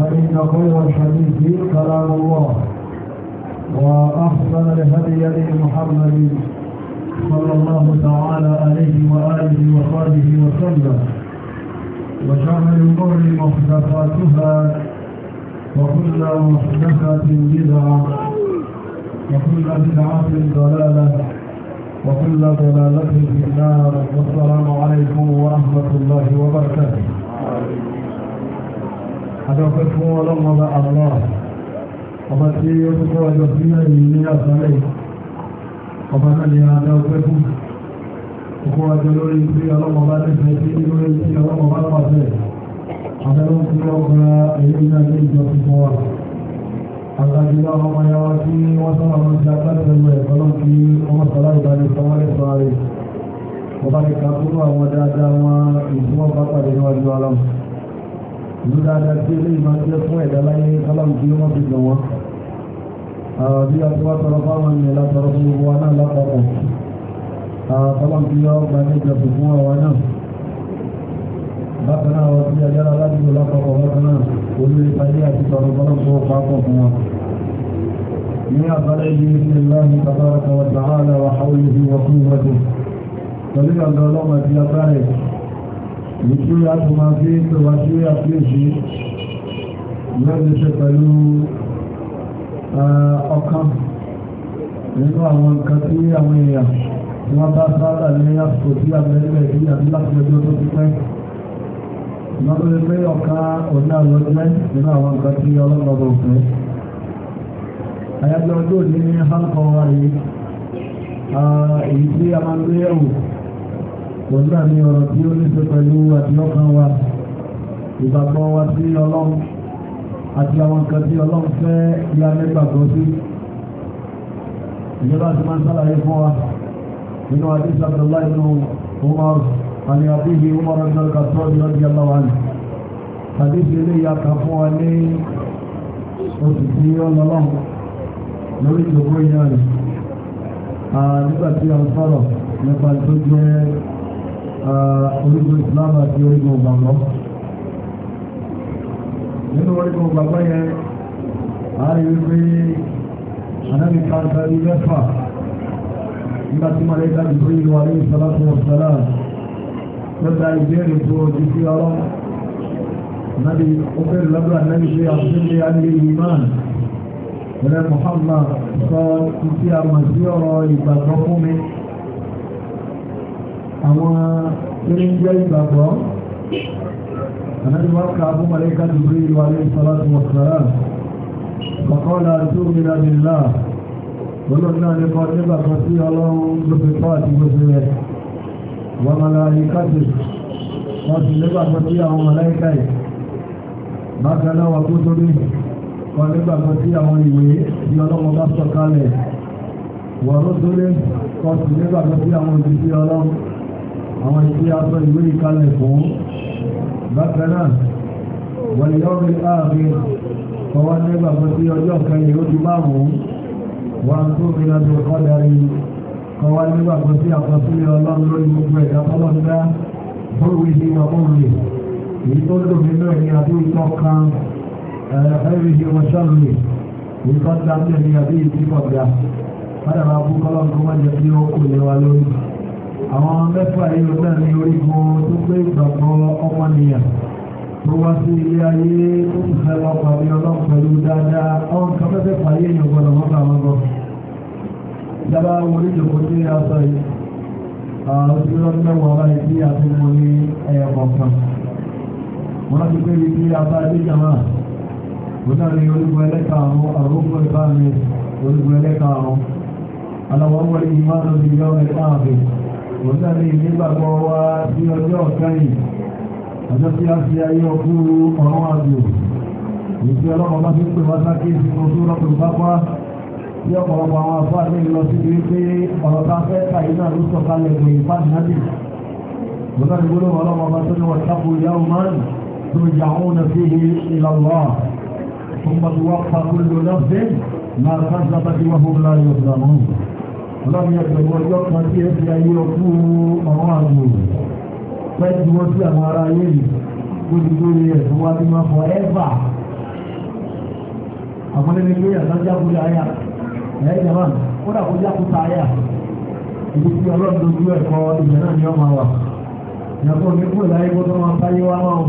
فإن خير الحديث كلام الله وأحسن الهدي لمحمد صلى الله تعالى عليه وآله وصحبه وسلم وشر الأمور محدثاتها وكل محدثة بدعة وكل بدعة ضلالة وكل ضلالة في النار والسلام عليكم ورحمة الله وبركاته adọ́pẹ́ fún ọlọ́mọba àlọ́ ọba tí ó tó kọ́ ọjọ́ sí ẹ̀yìn ní àsálẹ̀ ọba náà ni adọ́pẹ́ fún ọkọ̀ ọjọ́ lórí tí ọlọ́mọba lẹ́sẹ̀ sí lórí tí ọlọ́mọba pàṣẹ àbẹ́rún tí ó gba ẹ̀yìn náà ní ìjọ fífọ́ wa àgbàjúlá ọmọ ya wá sí wọ́n sọ́nà ọmọ sí agbátẹ̀lú ẹ̀kọ́ náà kí ọmọ sọ́lá ìbàlẹ̀ sọmọ́lẹ̀ sọ́rẹ̀ ọba nìkan kúrò àwọn dáadáa wọn ìdúnwọ́ bá níwájú ọlọ́mọ ìlú dáadáa tí ilé ìmọ̀ tí ó fún ẹ̀dá láyé ọlọ́run tí wọ́n fi dùn wọn bí a ti wá tọrọ fáwọn ènìyàn látọrọ fún gbogbo wa náà lápapọ̀ ọlọ́run tí wọ́n gba ní ìjọ fún àwọn náà bákan náà wọ́n ti ajára ládùúgbò lápapọ̀ bákan náà olórí ìpàdé àti tọrọ fọlọ́n tó pápọ̀ fún wọn ní àbálẹ́ ibi ìfẹ́ ìlànà tabaraka wa ta'ala wa hawlihi wa quwwatihi pẹ̀lú ọ̀dọ́ ọlọ́mọ ti agbára èyí tí a kò máa fi pè wá sí àkíyèsí lọ́dún ṣe pẹ̀lú ọkàn nínú àwọn nǹkan tí àwọn èèyàn tí wọ́n bá sáárà ní àsìkò tí àbẹ̀rẹ̀ ìdí àti láti ọjọ́ tó ti pẹ́ lọ́dún pé ọ̀kan òní àlọ́jẹ́ nínú àwọn nǹkan tí ọlọ́gbọ̀gbọ̀ òfin àyájọ́ ọjọ́ òní ní hálùkọ́ wa yìí èyí tí a máa ń pẹ̀lú àmì ọ̀rọ̀ tí ó níṣe pẹ̀lú àti ọkàn wa ìgbàgbọ́ wa sí ọlọ́run àti àwọn nǹkan tí ọlọ́run fẹ́ ya nígbàgbọ́ sí ìjọba ti máa ń sálàyé fún wa nínú àdísà àbdùllá inú umar àni àbíhi umar abdul khattab radi Allahu anhu àdísì ilé ìyàkà fún wa ní oṣù tí ó lọ́lọ́run lórí ìjọba ìyá rẹ̀ nígbà tí a ń sọ̀rọ̀ nípa tó jẹ́ Uh, orígun islam àti orígun ìgbàgbọ́ nínú orígun ìgbàgbọ́ yẹn a rí wípé anábìká sáré mẹ́fà nígbà tí mọ̀lẹ́gbà ìgbó ìlú alẹ́ ìsọ́lásọ́ ọ̀sọ́lá lọ́dá ìbéèrè tó ojú sí ọlọ́ nábi ó bẹ̀rẹ̀ lọ́dọ̀ ànábi pé àbúlé alẹ́ ìmán Muhammad sọ títí àmàsí ọ̀rọ̀ ìgbàgbọ́ fún àwọn oníjẹ́ ìgbàgbọ́ ànájúwá ka abu malaika jibril wa alayhi salatu wa salam kọ̀kọ́lá tó mìíràn nílá olóòrùn náà nípa nígbà kan sí ọlọ́run gbogbo ipá àti gbogbo rẹ̀ wọ́n màláíkà tó wọ́n sì nígbà kan sí àwọn màláíkà yìí bákan náà wọ́n kó tóbi kan nígbà kan sí àwọn ìwé tí ọlọ́run bá sọ kalẹ̀ wọ́n ló tóbi kan sì nígbà kan sí àwọn òbí sí àwọn tí a sọ ìwé ìkalẹ̀ fún bákan náà wọ́n yọ́ mi láàrin ọwọ́ nígbà fún sí ọjọ́ kẹyìn ó ti márùn-ún wọ́n tó fi lọ́dún kọ́darí kọwọ́ nígbà fún sí àkọsílẹ̀ ọlọ́run lórí gbogbo ẹ̀dá tọ́lọ́dá bóòwì sí ọmọrùn èyí tó dùn nínú ẹ̀ ní àbí ìtọ́ kan ẹ̀rẹ́fẹ́rì sí ọmọṣọ́rùn èyí ní àbí ìtìkọ̀dá àwọn mẹ́fà yóò náà ní orígun tó pé ìgbàgbọ́ ọmọnìyàn tó wá sí ilé ayé tó ti fẹ́ lọ pàdé ọlọ́run pẹ̀lú dáadáa àwọn kan fẹ́fẹ́ pàdé èèyàn gbọ́dọ̀ wọ́n bá wọn gbọ́ dábàá wọn oníjòkó tí a sọ yìí àwọn tí wọ́n mẹ́wàá báyìí tí a ti mú ní ẹyẹ kọ̀ọ̀kan wọ́n ti pé ibi tí a bá dé jàmá kò náà ní orígun ẹlẹ́ka àwọn àrùkù ìbámi orígun ẹlẹ́ka àwọn aláwọ̀ wọlé ìmáàlú òun náà ní ìgbàgbọ́ wa bí ọjọ́ ọ̀kẹ́yìn ọjọ́ tí a fi ayé ọkú ọ̀run àjò ìfí ọlọ́pàá bá fi ń pè wá sáké sí oṣù rọ́pùn pápá tí ọ̀pọ̀lọpọ̀ àwọn afọ́ àti ìlọ sí ibi pé ọ̀rọ̀ bá fẹ́ tàyí náà ló sọ̀kalẹ̀ pé ìpáàdínádì òun náà ní gbọ́dọ̀ ọlọ́pàá bá tó ní wọ́n ọlọ́run yóò tẹ̀wọ́ ọjọ́ kan tí ẹ fi ayé ọkú ọ̀rọ̀ àgbò pẹ́ẹ́tì wọ́n sí àwọn ará ayé yìí gbódúgbóri ẹ̀sùn wá bí wọ́n fọ ẹ́fà àwọn ẹni pé àtàjà kú láyà ẹ̀ jẹ̀mọ́ kódà kó jà kú táyà ibi tí ọlọ́run dojú ẹ̀kọ́ ìyẹn náà ni ọmọ wa ìyàtọ̀ ní kúrò láyé kó tó máa fáyé wá máa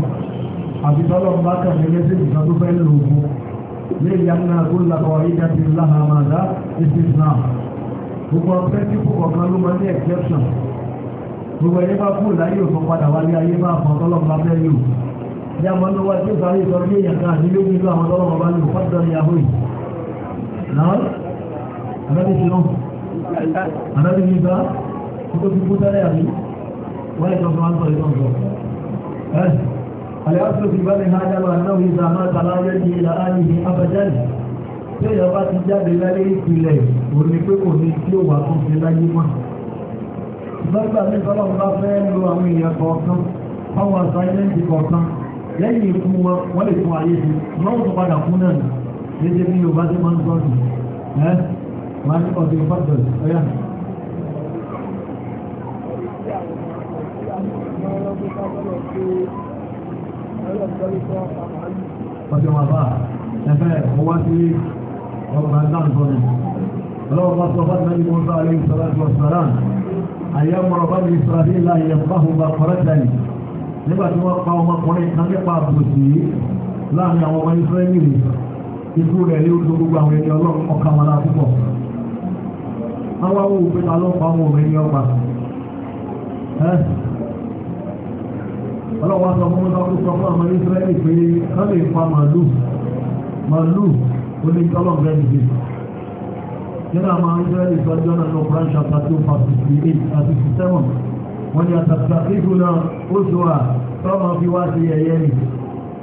àti tọ́lọ̀ bá kàn ní mẹ́sẹ̀jì kan tó fẹ́ lò ó fún lè yànnà kó lakọ̀ ìdájọ́ láhàmàdá ìsìsì náà gbogbo pẹ́ńtípù kọ̀ọ̀kan ló máa ní exception gbogbo ẹni bá kú láyé òfin padà wálé ayé bá fọ tọ́lọ́mù bá fẹ́ yóò ní àwọn ọmọ wa tí ó sáré sọ bí èèyàn kan nílé nílò àwọn tọ́lọ́mù bá lò fọ́tọ̀ ní àbó yìí náà àdábì ti rán àdábì ní bá kó tó fi kú tẹ́lẹ̀ àbí wọ́n lè tọ́sọ wọn sọ ìtàn sọ ẹ́ àlẹ́ àti òfin bá mi ha dá lọ àdáwò ìgbà máa tàlá yẹ́ di ìlà áyì ní abẹ́jẹ́ tí èèyàn bá ti jáde lẹ́lẹ́ ìpìlẹ̀ òun ni pé kò ní tí ó wà tó fi láyé mọ́ lọ́gbà ní sọ́lọ́run bá fẹ́ lo àwọn èèyàn kọ̀ọ̀kan àwọn àsáyẹ́ǹtì kọ̀ọ̀kan lẹ́yìn ikú wọn wọ́n lè fún ayé sí lọ́wọ́ tó padà fún náà nì léde bí yorùbá ti máa ń sọ́ọ̀tù ẹ́ máa ń ọ̀dẹ̀ fàtọ̀sì ọ̀yà. ọjọ́ wà bá ẹ̀fẹ́ ọwá sí ọgbà dáńtọ́ ni ọlọ́wọ́ bá sọ bá nàbí Musa alayhi salatu wa salam ayé mọ̀rọ̀ bá ní Israẹli láyé ẹ̀fọ́ bá kọ́rẹ́ dání nígbà tí wọ́n pa ọmọkùnrin kan nípa àbòsí láàrin àwọn ọmọ Israẹli ikú rẹ̀ ní oṣù gbogbo àwọn ẹni ọlọ́run ọ̀ka wọn la púpọ̀ àwọn àwọn òfin ta ló pa àwọn ọmọ ẹni ọgbà ọlọ́wọ́ sọ fún mọ́tò ọkùnrin sọ fún nínú àwọn israeli ìfẹ́jọ́ náà lọ́pọ̀ ránṣà tàbí fàṣìṣì 8 àti 7 wọ́n ni àtàkà ìgbò náà ó sọ à tọ́mọ fi wá sí ẹ̀yẹ́ ni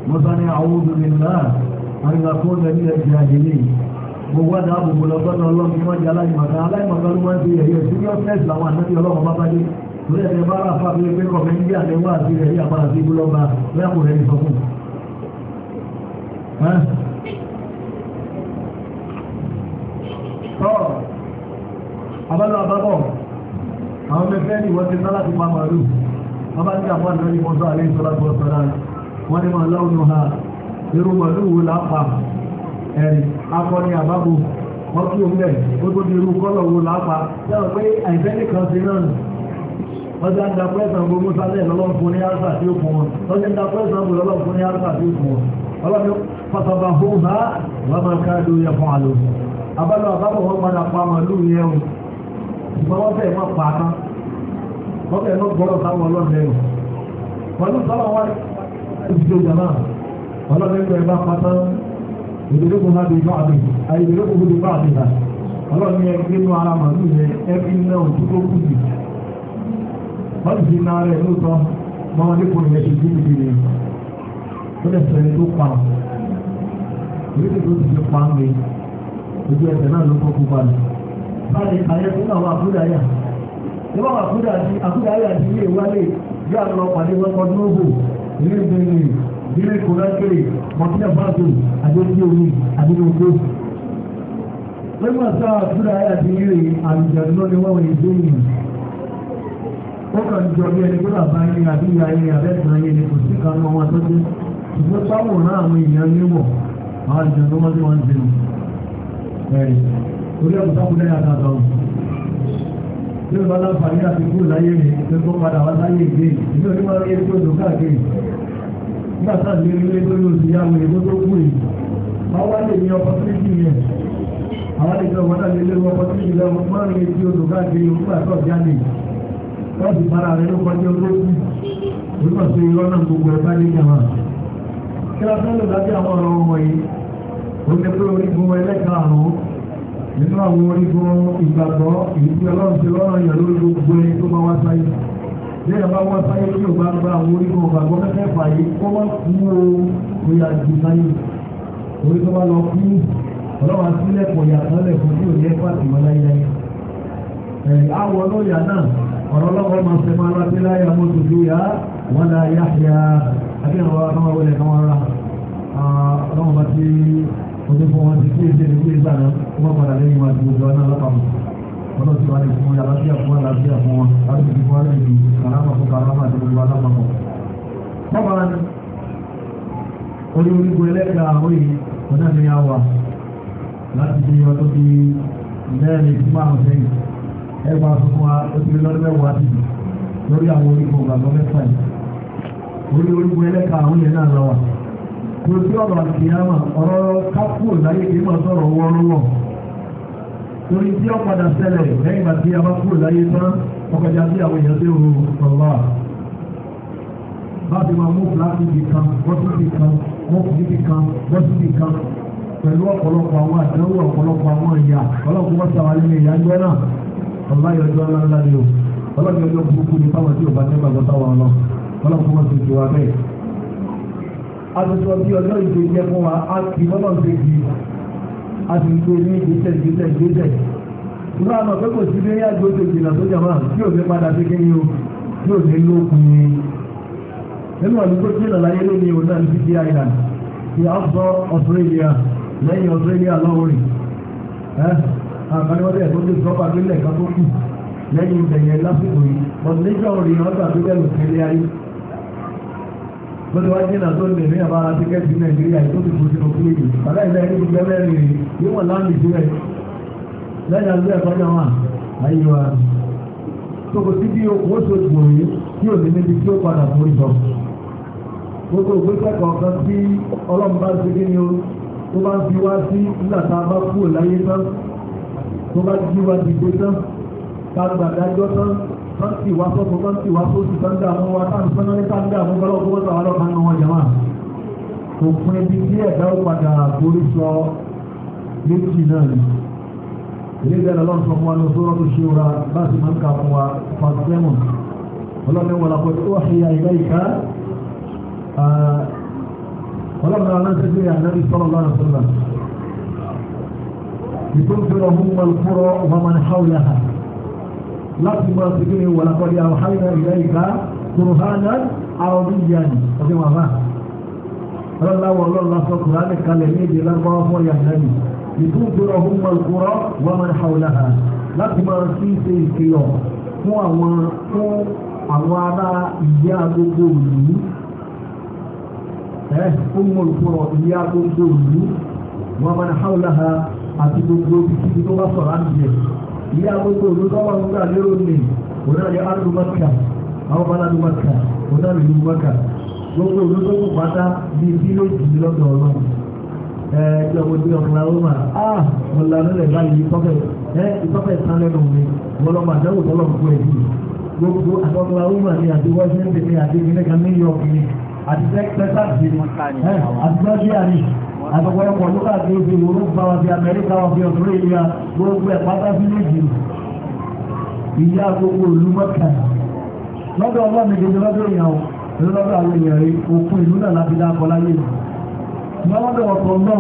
mọ́sá ní àwọn obìnrin náà àríkàkó lẹ́bí ẹ̀jẹ̀ àdìlé mo wá dá àbùkù lọ́gbọ́n ọlọ́run kí wọ́n jẹ́ aláìmọ̀ká aláìmọ̀ká ló wá sí ẹ̀yẹ́ seriousness làwọn àtàkì ọlọ́run bá bá dé torí ẹ̀jẹ̀ bá rà fáfi pé kọ̀mẹ́ńdì àlẹ́ wá sí ẹ̀yẹ́ àpárá sí ibú lọ́ba lẹ́kùnrin sọ fún un. tọ́ abálọ abábọ̀ àwọn mẹ́fẹ́ ni wọ́n ti sálà ti pa màálù wọ́n bá ń jà fún àdúrà ní mọ́tò àlẹ́ ìṣọ́lá tó sọ́lá wọ́n ni máa láwùnú ha irú màálù wo lápá ẹ̀rì akọni àbábò wọ́n kí òun bẹ̀ ó tó di irú kọ́lọ̀ wo lápá yàtọ̀ pé àìfẹ́ nìkan sí náà nù wọ́n ti ń da pẹ́sàn gbogbo sálẹ̀ lọ́lọ́run fún ní àrùsà tí abálọ àbábọ̀ wọn padà pa màálù yẹn o ṣùgbọ́n wọ́n fẹ́ẹ̀ má pa á tán wọ́n fẹ́ẹ̀ má gbọ́dọ̀ sáwọn ọlọ́ọ̀lẹ́ o pẹ̀lú sábà wá ìdíje jàmá ọlọ́ọ̀lẹ́ gbọ́ ẹ bá pa tán ìdílé kò má di bá àbí àìdílé kò di bá àbí náà ọlọ́ọ̀ni ẹ nínú ara màálù yẹn ẹbí náà ojú tó kù jù wọ́n ti dín náà rẹ̀ lóòótọ́ mọ́ wọn dípò ìyẹn ti dín ojú ẹsẹ̀ náà ló kọ́ kópa lọ. báyìí àyẹ̀ fún àwọn àkúdàáyà ní wọ́n àkúdàáyà ti ilé wálé yóò àlọ́ pàdé wọ́pọ̀ nóòbò ilé ìbẹ̀rẹ̀ ilé ìkólákèrè mọ̀tílẹ̀ báàgò àdéhùn omi àdéhùn ogbó. lẹ́gbọ̀n sáà àkúdàáyà ti ilé àlùjàdùn náà ni wọ́n wọ̀ ìdó ìyìn ó kàn jọ bí ẹni tó bàbá yín àbí ìyá yín abẹ́sàn yín ni kò sí kan mọ́ wọn tó dé ẹ̀rì torí ẹ̀mù sábúlẹ̀ àtàtà tí ó bá láǹfààní àti kúrò láyé mi tó kó padà wá láyé ìgbé ìlú onímọ̀ orí epo ìlú káàkiri nígbà tá àti ilé lórí oṣù yá wèrè tó tó kú yìí máa wá lè ní ọpọtúnìtì yẹn àwọn lè sọ wọn àti ilé ọpọtúnìtì lọ máa rí etí oṣù káàkiri nígbà tó ọjà lè wọ́n sì para rẹ̀ ló kọjá olóògùn nígbà ó ní pé orígun ẹlẹ́karùn-ún nínú àwọn orígun ìgbàgbọ́ èyí tí ọlọ́run ti lọ́rọ̀ yàn lórí gbogbo ẹni tó máa wá sáyé ní ẹ̀bá wá sáyé tí ò bá ń bá àwọn orígun ìgbàgbọ́ kẹ́kẹ́ fàyè kó wá kú o kò yà jù sáyé orí tó bá lọ kú ọlọ́run àtúnlẹ̀ kò yà sọ́lẹ̀ fún tí ò yẹ fàtìmọ́ láyé àwọn olóyà náà ọ̀rọ̀ lọ́wọ́ máa fẹ́ máa rántí láyé àmójú sí ya wọ́n lá yáhìá àbí àwọn ọmọ wọlé kan wọ́n ọlọ́run bá ti torí fún wọn ti kí èsì ìwé ìgbà náà wọ́n padà lẹ́yìn wọn àti gbogbo ọ̀nà lápapọ̀ ọ̀nà tí wọ́n lè fún wọn àlàáfíà fún wọn àlàáfíà fún wọn láti fi fún wọn lẹ́yìn kàrámà fún kàrámà àti gbogbo alápapọ̀. bákan ni orí orígun ẹlẹ́ka àwọn yìí ọ̀nà mi á wà láti fi ọdún bí mẹ́rin tí máa ń sẹ́yìn ẹgbàá fún wa ó ti lọ́dún mẹ́wàá ti lórí àwọn orígun ọ̀gbàgbọ́ mẹ́fà yìí orí orígun ẹlẹ́ka àwọn yẹn náà lọ́wọ́ tó tí ọ̀rọ̀ àkìyàmà ọ̀rọ̀ kápò láyé kì í máa sọ̀rọ̀ wọ́ọ́rọ́wọ́ torí tí ó padà ṣẹlẹ̀ lẹ́yìn bá tí a bá kúrò láyé tán ọkọjà sí àwọn èèyàn tí ó rò ọ̀lá bá ti máa mú fúláṣíbì kan bọ́síbì kan mú fúláṣíbì kan bọ́síbì kan pẹ̀lú ọ̀pọ̀lọpọ̀ àwọn àdánwò ọ̀pọ̀lọpọ̀ àwọn ìyá ọlọ́pọ̀ wọ́n sábà nínú ìyá ẹgbẹ́ náà ọ̀lá ìyọjọ́ ńláńlá ni o ọlọ́pọ̀ ìyọjọ́ burúkú ni táwọn tí ò bá ní gbàgbọ́ táwọn ọlọ́ ọlọ́pọ̀ wọ́n ti jù wá bẹ́ẹ̀ àtúntò bí ọjọ́ ìgbè jẹ́ fún wa á kì í lọ́nà ṣe kì í a sì ń gbé ní ìgbésẹ̀ ìgbésẹ̀ ìgbésẹ̀ ìlú àmọ̀ pé kò sí déyà gbèsè ìgbìnà tó jàmá tí ò ní padà sí kíni o tí ò ní lókun ni nínú àdúgbò tí ìlànà ayé lónìí òun náà ní fífi island ti afọ Australia lẹ́yìn Australia lọ́wọ́ rẹ̀ ẹ́ àkànníwọ́dẹ̀ tó ti sọ́pà nílẹ̀ kan tó kù lẹ́yìn ìbẹ̀yẹ lásìkò yìí but nature rí ọjà tó bẹ̀rù kẹlẹ́ ayé lọ́dọ̀ wájú náà tó lè ní àbára tíkẹ́ẹ̀tì nàìjíríà tó ti fojú òkú èyí bàbá ìlà ẹni gbogbo ẹlẹ́rìn rẹ̀ yóò wọ̀n láàmì sílẹ̀ lẹ́yìn àgbẹ̀ ẹ̀kọ́jà wà ayé wa tókò sí bí okùn oṣù òṣùwò yìí tí ò ní níbi tí ó padà forí sọ gbogbo ògbésẹ̀ kọ̀ọ̀kan tí ọlọ́run bá ń ṣe kí o tó bá ń fi wá sí nígbà tá a bá kúrò láyé tán tó bá ti wá ti gbé tán tá a gbàdájọ́ tán tán tì wá sọ́tọ̀ tán tì wá sósì tán dààmú wa tán sọ́nà ní tán dààmú bá lọ́wọ́ gbọ́dọ̀ àwọn ọlọ́pàá nù wọn jàmá. òfin ibi tí ẹ̀dá ó padà borí sọ méjì náà ni. ilé ìdáná lọ́n sọ fún wa ní sọ́rọ́ tó ṣe ra bá sì máa ń kà fún wa fàtẹ́mù. ọlọ́ni wọn làkọ́ tó wà ṣìyà ìgbà ìka. ọlọ́run aláǹtẹ̀ bí ànábì sọ́rọ̀ lọ́nà sọ́rọ̀ láti máa fi gbé wọ̀lá kọ́ ní àwọn hàìdá ìlà ìka kùrùhánà àwọn oníyàn ọdún wà máa rọ́láwọ̀ lọ́lọ́sọ kùránì kalẹ̀ ní èdè lágbáwọ́ fún yàrá ni ìtúntúrọ̀ húnmọ̀ kúrọ̀ wọ́n máa hàwùlà ha láti máa fi ṣe ìkìlọ̀ fún àwọn fún àwọn ará ìyá gbogbo òlú ẹ̀ húnmọ̀ kúrọ̀ ìyá gbogbo òlú wọ́n máa hàwùlà ha àti gbogbo ibi tó bá sọ̀rọ̀ àdìyẹ ìyá gbogbo òdó tọ́wọ́ ń gbà lérò ní òdáni arúgbó mọ́kà àwọn baladu mọ́kà òdáni ìlú mọ́kà gbogbo òdó tó kù pátá bíi bílóòjì lọ́dọ̀ ọlọ́run ẹ̀ẹ́dì ọmọdé ọ̀klahoma ah mo lanú lẹ̀ báyìí ìtọ́fẹ̀ ẹ́ ìtọ́fẹ̀ sálẹ́nu mi mo lọ́mọ àdáwò tọ́lọ̀ fún ẹ̀ yìí gbogbo ni àti washington ni àti ìmìnira new york ni àti texas ni àti georgia ni àtọ̀pọ̀lọpọ̀ ló káàkiri fi Yorùbá wa fi Amẹ́ríkà wa fi Australia gbogbo ẹ̀ pátá sí méjì ìyá gbogbo ìlú mọ́kà lọ́dọ̀ ọlọ́ mi gẹ́gẹ́ lọ́dọ̀ èèyàn ìlú lọ́dọ̀ àwọn èèyàn rí òkun ìlú náà láti dákọ láyé lọ́dọ̀ ọ̀tọ̀ náà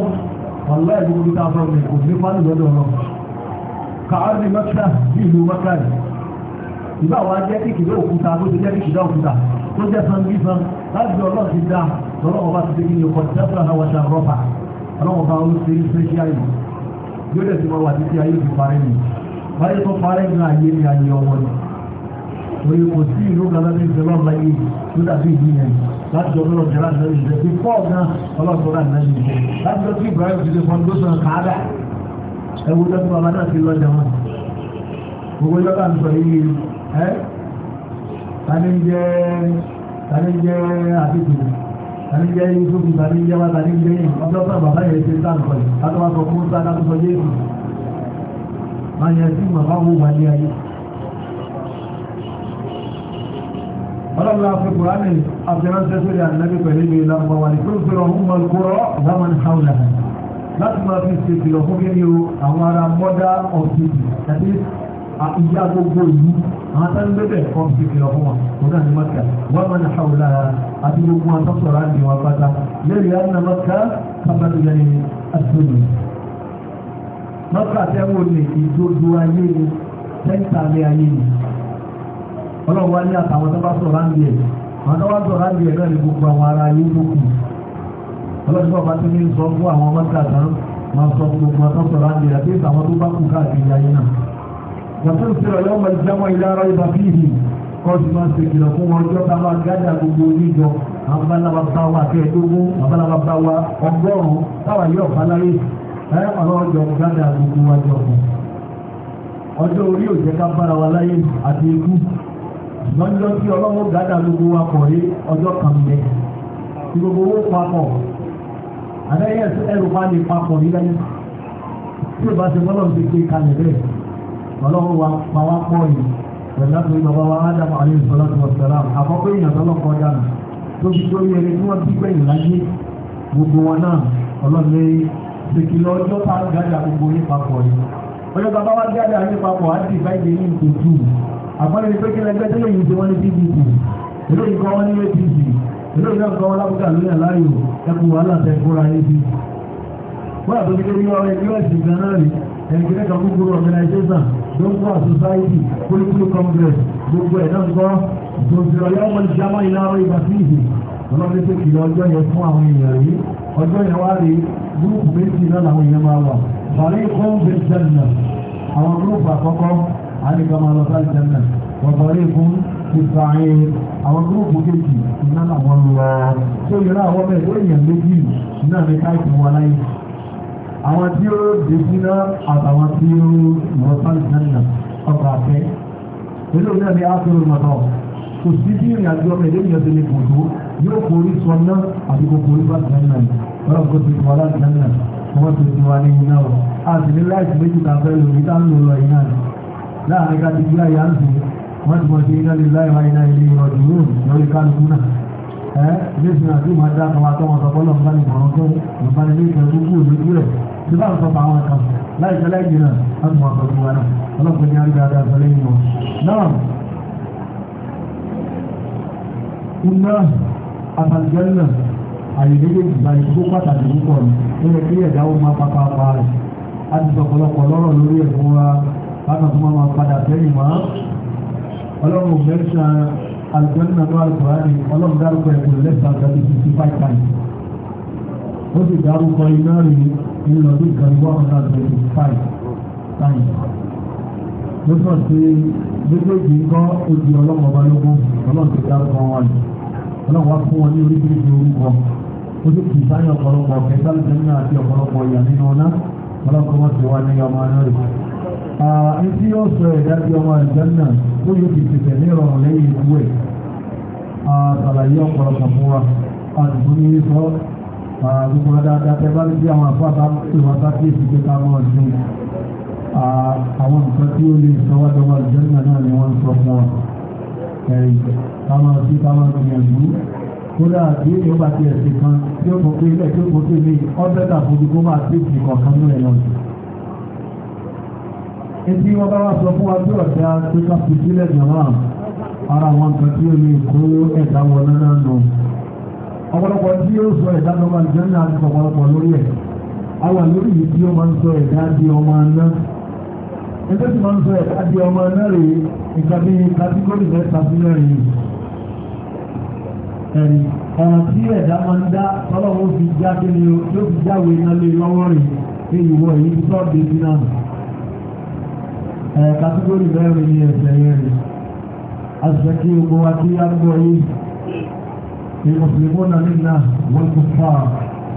wàlá ìlú gbogbo tá a fọ́ mi kò ní fánì lọ́dọ̀ ọ̀rọ̀ kàárì mọ́kà sí ìlú mọ́kà rẹ̀ ìbá wa jẹ́ kíkìdá òkúta tó ti jẹ́ kíkìdá òkúta tó jẹ́ san láti ọlọ́ ti dá lọ́dọ̀ ọba ti dé kí ni ọkọ̀ lọ́wọ́ bá ó ṣe iṣẹ́ sí àìmọ́ yóò dẹ̀ ti wá wà títí ayé ti parẹ́ mi wáyé tó parẹ́ ní ayé ní ayé ọmọ ni òye kò sí ìlú gbàgbé ní ìṣẹ̀lẹ̀ ọ̀la yìí tó dàbí ìlú yẹn láti ọdún lọ jẹ́ láti ọdún ìṣẹ̀lẹ̀ bí pọ́ gan ọlọ́sọ̀rọ̀ àná yìí jẹ́ láti ọdún Ibrahim ti ṣe fọndóṣàn káàdà ẹwú ti lọ́jà wọn gbogbo ìjọba ń sọ yìí ẹ́ tani jẹ́ tani jẹ́ àbíkù tàbí jẹ́ yusufu tàbí jẹ́ wáta ní gbé yìí ọjọ́ tó bàbá yẹn ṣe sáà nǹkan yìí látọ̀ wá sọ fún sáà tó sọ jésù máa yẹ sí màmá wo wà ní ayé. ọlọ́run àfi kùránì àfẹ́ránṣẹ́ sórí ànábì pẹ̀lú ìwé lọ́pọ̀ wà ní kúrúkúrọ̀ ọmọ ìkúrọ̀ wọ́n hàwùlà láti máa fi ṣe ìkìlọ̀ fún kí ni o àwọn ará mọ́dá ọ̀sìn àti ìyá gbogbo ìlú àwọn tá ń gbé bẹ̀ kọ́ sí kìlọ̀ fún wa òun náà ní maka wọ́n máa ń hàwù lára àti gbogbo àwọn tọ́sọ̀ rà ní wọn pátá lẹ́rìí á na maka kábàlù yẹn ní àtúnyẹ. maka tẹ́ wọ́n ní ìdodo ayé ni tẹ́ńtà ní ayé ni ọlọ́run wá ní àtàwọn tó bá sọ̀ rà ẹ̀ àwọn tó bá sọ̀ rà ẹ̀ náà ní gbogbo àwọn ará ayé tó kù ọlọ́run bá ti ní sọ fún àwọn maka tán máa sọ gbogbo àwọn tọ́sọ̀ rà ní وتنصر يوم الجمع لا ريب فيه kọ́ọ̀tù máa ń ṣe ìkìlọ̀ fún wọn ọjọ́ táwa gádà gbogbo oníjọ àwọn balaba bá wa kẹ́ẹ̀ẹ́dógún àwọn balaba bá wa ọgọ́rùn-ún táwa yóò faláyé ẹ ọ̀rọ̀ ọjọ́ gádà ká bára wa láyé àti ikú lọ́jọ́ tí ọlọ́wọ́ gádà gbogbo wa pọ̀ rí ọjọ́ kan mẹ́ tí gbogbo owó papọ̀ àdáyé ẹ̀rù pa ní papọ̀ nílẹ̀ tí ò bá ṣe bọ́lọ̀ ti gbé kalẹ̀ bẹ́ẹ̀ ọlọ́run wa pa wá pọ̀ yìí pẹ̀lú àti bàbá wa ádámù alayhi salatu wa salam àkọ́kọ́ èèyàn tó lọ́kọ́ dànù tó fi tó yẹ ni wọ́n bí gbẹ̀yìn láyé gbogbo wọn náà ọlọ́run lè ṣèkì lọ ọjọ́ tá a gàdà gbogbo yín papọ̀ yìí ọjọ́ bàbá wa gàdà yín papọ̀ á ti fẹ́ yé ní ìtòjú àgbọ̀nrẹ́ ni pé kí lẹ́gbẹ́ tẹ́lẹ̀ yìí ṣe wọ́n ní pdp eléyìí kọ́ wọ́n ní apc eléyìí náà kọ́ wọ́n lábúkà lóyè láàyò ẹkù wàhálà dókítà society political congress gbogbo ẹ̀ náà ń gbọ́ ìjọba ọlọ́mọ ìjàmọ́ ìlànà ìgbà sí ìhì ọlọ́run tó kìlọ̀ ọjọ́ yẹn fún àwọn èèyàn rí ọjọ́ yẹn wá rí gúrùpù méjì náà làwọn èèyàn máa wà bàrí fún bẹ́sẹ̀nà àwọn gúrùpù àkọ́kọ́ àdìgbàmọ́ lọ sáà jẹ́nà wọ́n bàrí fún ìsàáyé àwọn gúrùpù kejì náà làwọn lọ tó yẹra àwọn mẹ́rin èèyàn méjì náà ní káàkiri wọn láyé àwọn tí ó dé síná àtàwọn tí ó lọ sáàlì náà ọkọ̀ àfẹ́ nínú náà ni ákérò mọ̀tọ̀ kò sí bí ìrìn àjò ọmọ ìdí ìyẹn tẹ̀lé kòtó yóò forí sọ náà àti kò forí bá sí náà ọlọ́run kò sì wà láti náà wọ́n ti ti wà ní iná o a sì ní láìsí méjì ká fẹ́ lórí tá ń lò lọ iná láàrin ká ti gbé àyà ń sè wọ́n ti mọ̀ sí iná lè láì ẹ́ jésù náà tí màá dá àwọn àtọ́wọ́ sọpọ́lọ́ nǹkan ní ìbọ̀rọ̀ tó nǹkan ní ilé gbogbo olójú rẹ̀ tí bá ń sọ pa àwọn kan láì tẹ́lẹ̀ jì náà láti wọ́n sọ fún wa náà ọlọ́pàá ní àrídà àdá sọ lẹ́yìn wọn. náà iná àtàlùjẹ́ náà àyè méjèèjì báyìí tó pàtàkì púpọ̀ ní ó yẹ kí ẹ̀dá ó máa pápá pa rẹ̀ á ti sọ lọ́rọ̀ lórí ẹ̀fọ́ wa bákan tó máa padà sẹ́yìn wá ọlọ́run mẹ́sàn-án alùpùpù náà alùpùpù ọlọ́run dárúkọ ẹ̀kọ́ lẹ́sà àgbàdo fifty five times ó sì dárúkọ iná rí ìlọ́dún kan one hundred and twenty five times ó sọ pé méjèèjì ń kọ́ ojì ọlọ́run ọba lógún ọlọ́run ti dárúkọ wọn yìí ọlọ́run wá fún wọn ní oríṣiríṣi orúkọ ó sì kì í sáyẹn ọ̀pọ̀lọpọ̀ kẹsàn-án àti ọ̀pọ̀lọpọ̀ ìyá nínú ọ̀nà ọlọ́run wọ́n ti wá ní ọmọ náà ẹni tí yóò sọ ẹ̀dá bí ọmọ àjẹ́nà ó yóò fi tẹ̀tẹ̀ ní ìrọ̀rùn lẹ́yìn ikú ẹ̀ àtàlàyé ọ̀pọ̀lọpọ̀ fún wa àdùkú ní sọ gbogbo dáadáa tẹ bá ní bí àwọn àpáta ìwà sáké ìsìnkú ká mọ́ ọdún àwọn nǹkan tí ó lè sọ wájú ọmọ àjẹ́nà náà ni wọ́n sọ fún wa ẹ̀rí ká máa sí ká máa gbìyànjú kódà bí èèyàn bá ti ẹ̀sìn kan tí ó kọ pé ilé tí ó kọ pé ilé ọ̀bẹ́ta Ibi wọ́n bá wá sọ fún wa tí ọ̀dá tó ká fi sílẹ̀ jọ̀wọ́ ara wọn kan tí ó lè kó ẹ̀dá wọn náà nù. Ọ̀pọ̀lọpọ̀ tí ó sọ ẹ̀dá lọ́wọ́ àjẹ́nà àti ọ̀pọ̀lọpọ̀ lórí ẹ̀. Àwọn lórí yìí tí ó máa ń sọ ẹ̀dá di ọmọ aná. Ẹgbẹ́ tí máa ń sọ ẹ̀dá di ọmọ aná rè é, bí kátígórì mẹ́ta sí mẹ́rin. Ẹ̀rí ọ̀nà tí ẹ̀dá máa ń dá tọ́lọ́wọ́ fi já kí ni ó fi jáwé náà lé lọ́wọ́ rè é, èyí èyí tó dé sí náà kàtígórì mẹ́rin ní ẹ̀sẹ̀ yẹn aṣẹ́ kí ogbó wa kí á gbọ́ yìí ní mùsùlùmí náà nínà wọ́n kò fà